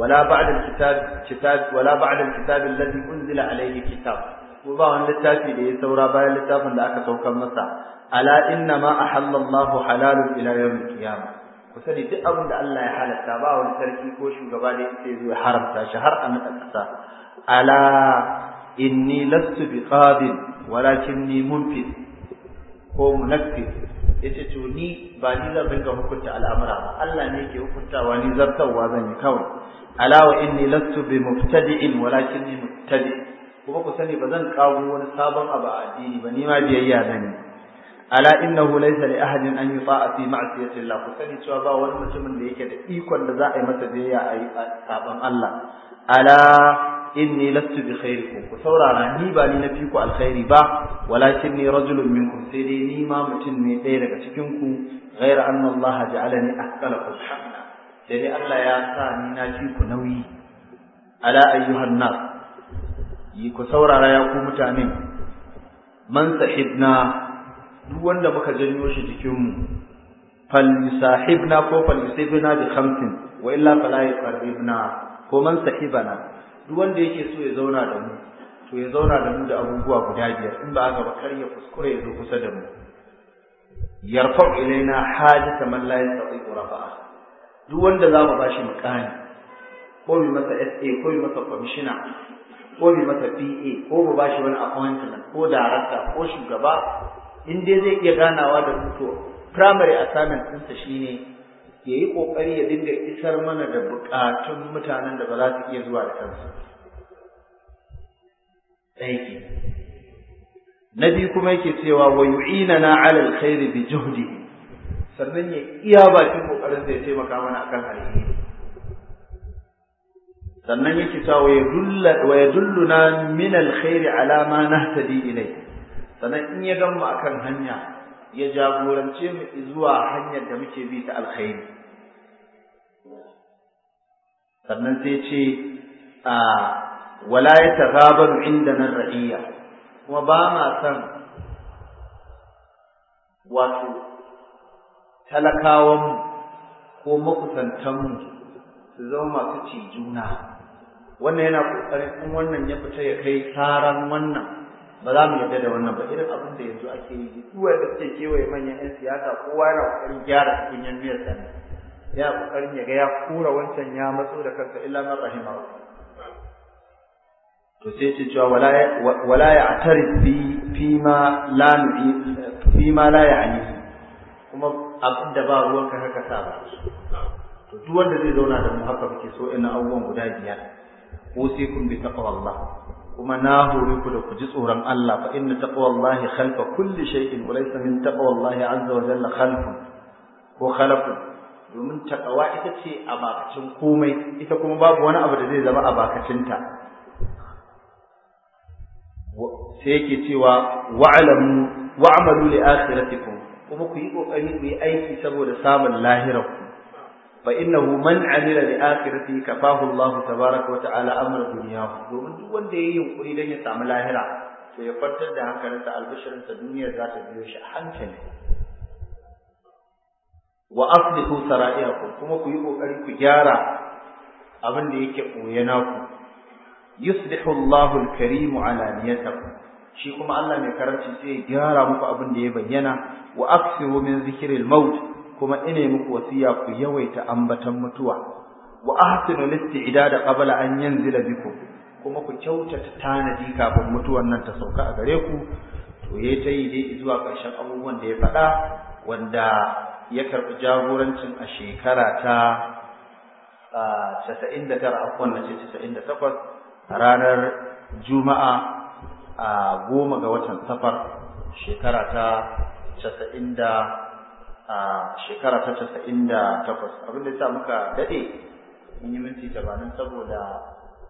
wala ba'da alkitab kitab wala ba'da alkitab alladhi unzila kitab ko ba wani littafi da ya saura bayan littafin da aka masa ala inna ma ahallallahu halalun ila yawmil qiyamah ku sani duk abin da Allah ya halatta ba wani sarki ko shugaba da yake zai haramta shi har a nada kasa ala inni lastu biqadin walakinni munfiz ko munaffis yace to ni ba ni zan dinga hukunta al'amura ba Allah ne yake hukuntawa ni zartarwa zan yi kawai ala wa inni lastu bi mubtadi'in walakinni mubtadi kuma ku sani ba zan kawo wani sabon abu a addini ba ni ma biyayya zan yi ala innahu laysa li ahadin an yuta'a fi ma'siyati Allah ku sani cewa ba wani mutumin da yake da ikon da za a yi masa biyayya a yi saban Allah ala inni lastu bi khairikum ku saurara ni ba ni na fi ku alkhairi ba walakin ni rajulun minkum sai dai ni ma mutum ne ɗaya daga cikin ku ghaira anna Allah ja'alani athqalakum hamna sai dai Allah ya sa ni na fi ku nauyi ala ayyuhan nas ku saurara ya ku mutane man sahibna duk wanda muka janyo shi jikinmu falisahibna ko falsahibna bi khamsin wa illa fala yaqribna ko man sahibana duk wanda yake so ya zauna da mu to ya zauna da mu da abubuwa guda biyar in ba aka ba kar ya kuskure ya zo kusa da mu yarfa'u ilaina hajata man la yastati'u rafa'a duk wanda za mu bashi mukani ko mu masa SA ko mu masa commissioner ko mu masa PA ko mu bashi wani appointment ko director ko shugaba in dai zai iya ganawa da su primary assignment ɗinsa shine ya yi ƙoƙari ya dinga isar mana da buƙatun mutanen da ba za su iya zuwa da kansu aiki na biyu kuma yake cewa wa yu'inana ala alkhairi bi juhdi sannan ya iya bakin ƙoƙarin da ya taimaka mana akan alheri sannan yake cewa wa yadulluna min alkhairi ala ma nahtadi ilayhi sannan in ya gan akan hanya ya jagorance mu zuwa hanyar da muke bi ta alkhairi sannan sai ce a wala ya inda nan ra'iya kuma ba ma san wato talakawan ko makusantanmu su zama masu ci juna wannan yana ƙoƙarin in wannan ya fita ya kai saran wannan ba za mu yarda da wannan ba irin abin da yanzu ake yi duwa da suke kewaye manyan 'yan siyasa kowa yana kokarin gyara yan miyar sani ya kokarin ya ga ya kura wancan ya matso da kansa illa man rahimahu to sai ce cewa wala ya atari fi ma la kuma abin da ba ruwan ka haka sa ba to duk wanda zai zauna da mu haka muke so ina abubuwan guda biyar ko sai kun bi taqwallah kuma na hori ku da ku ji tsoron Allah fa inna taqwallahi khalfa kulli shay'in wa laysa min taqwallahi azza wa jalla khalfun ko khalafun domin taqwa ita ce a bakacin komai ita kuma babu wani abu da zai zama a bakacinta sai yake cewa wa'lamu wa'malu li akhiratikum kuma ku yi kokari ku yi aiki saboda samun lahirarku ku fa innahu man amila li akhirati kafahu Allah tabaraka wa ta'ala amra dunyahu domin duk wanda yayi yunkuri dan ya samu lahira to ya fartar da hankalinsa albishirin sa duniyar za ta biyo shi hankali wa aslihu sara'iakum kuma ku yi kokari ku gyara abin da yake koye naku yuslihu Allahu al-karim ala shi kuma Allah mai karanci sai ya gyara muku abin da ya bayyana wa aksiru min zikril maut kuma ina muku wasiya ku yawaita ambatan mutuwa wa ahsinu da qabla an yanzila bikum kuma ku kyautata tanadi kafin mutuwan nan ta sauka a gare ku to yayi ta dai zuwa ƙarshen abubuwan da ya faɗa wanda ya karbi jagorancin a shekara ta 99 akwai na ce 98 ranar juma'a a goma ga watan safar shekara ta da. a shekara ta casa'in da takwas abinda da sa muka daɗe mun yi minti tabanin saboda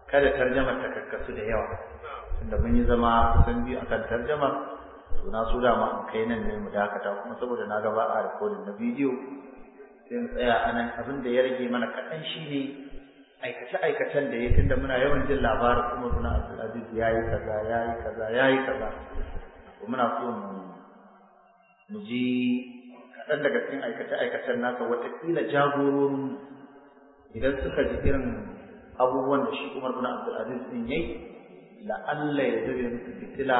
kada tarjamar ta karkasu da yawa tunda mun yi zama kusan biyu a kan tarjamar to na su dama in kai nan ne mu dakata kuma saboda na gaba a rikodin na bidiyo sai mu tsaya a nan abin da ya rage mana kaɗan shi ne aikace-aikacen da ya tunda muna yawan jin labarin kuma muna Abdulaziz ya yi kaza ya yi kaza ya yi kaza muna so mu ji kaɗan daga cikin aikace-aikacen nasa watakila jagororin idan suka ji irin abubuwan da shi Umar bin Abdulaziz din yayi la'alla ya zube musu fitila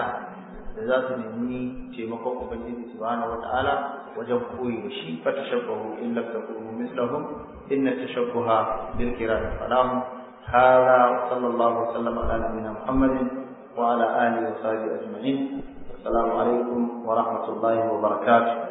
da za su nemi taimakon Ubangiji subhanahu wata'ala wajen koyi da shi fa tashabbahu in lam takunu mislahum inna tashabbaha bil kiram salam hada sallallahu alaihi wasallam ala nabiyina Muhammadin wa ala alihi wa sahbihi ajma'in assalamu alaikum wa rahmatullahi wa barakatuh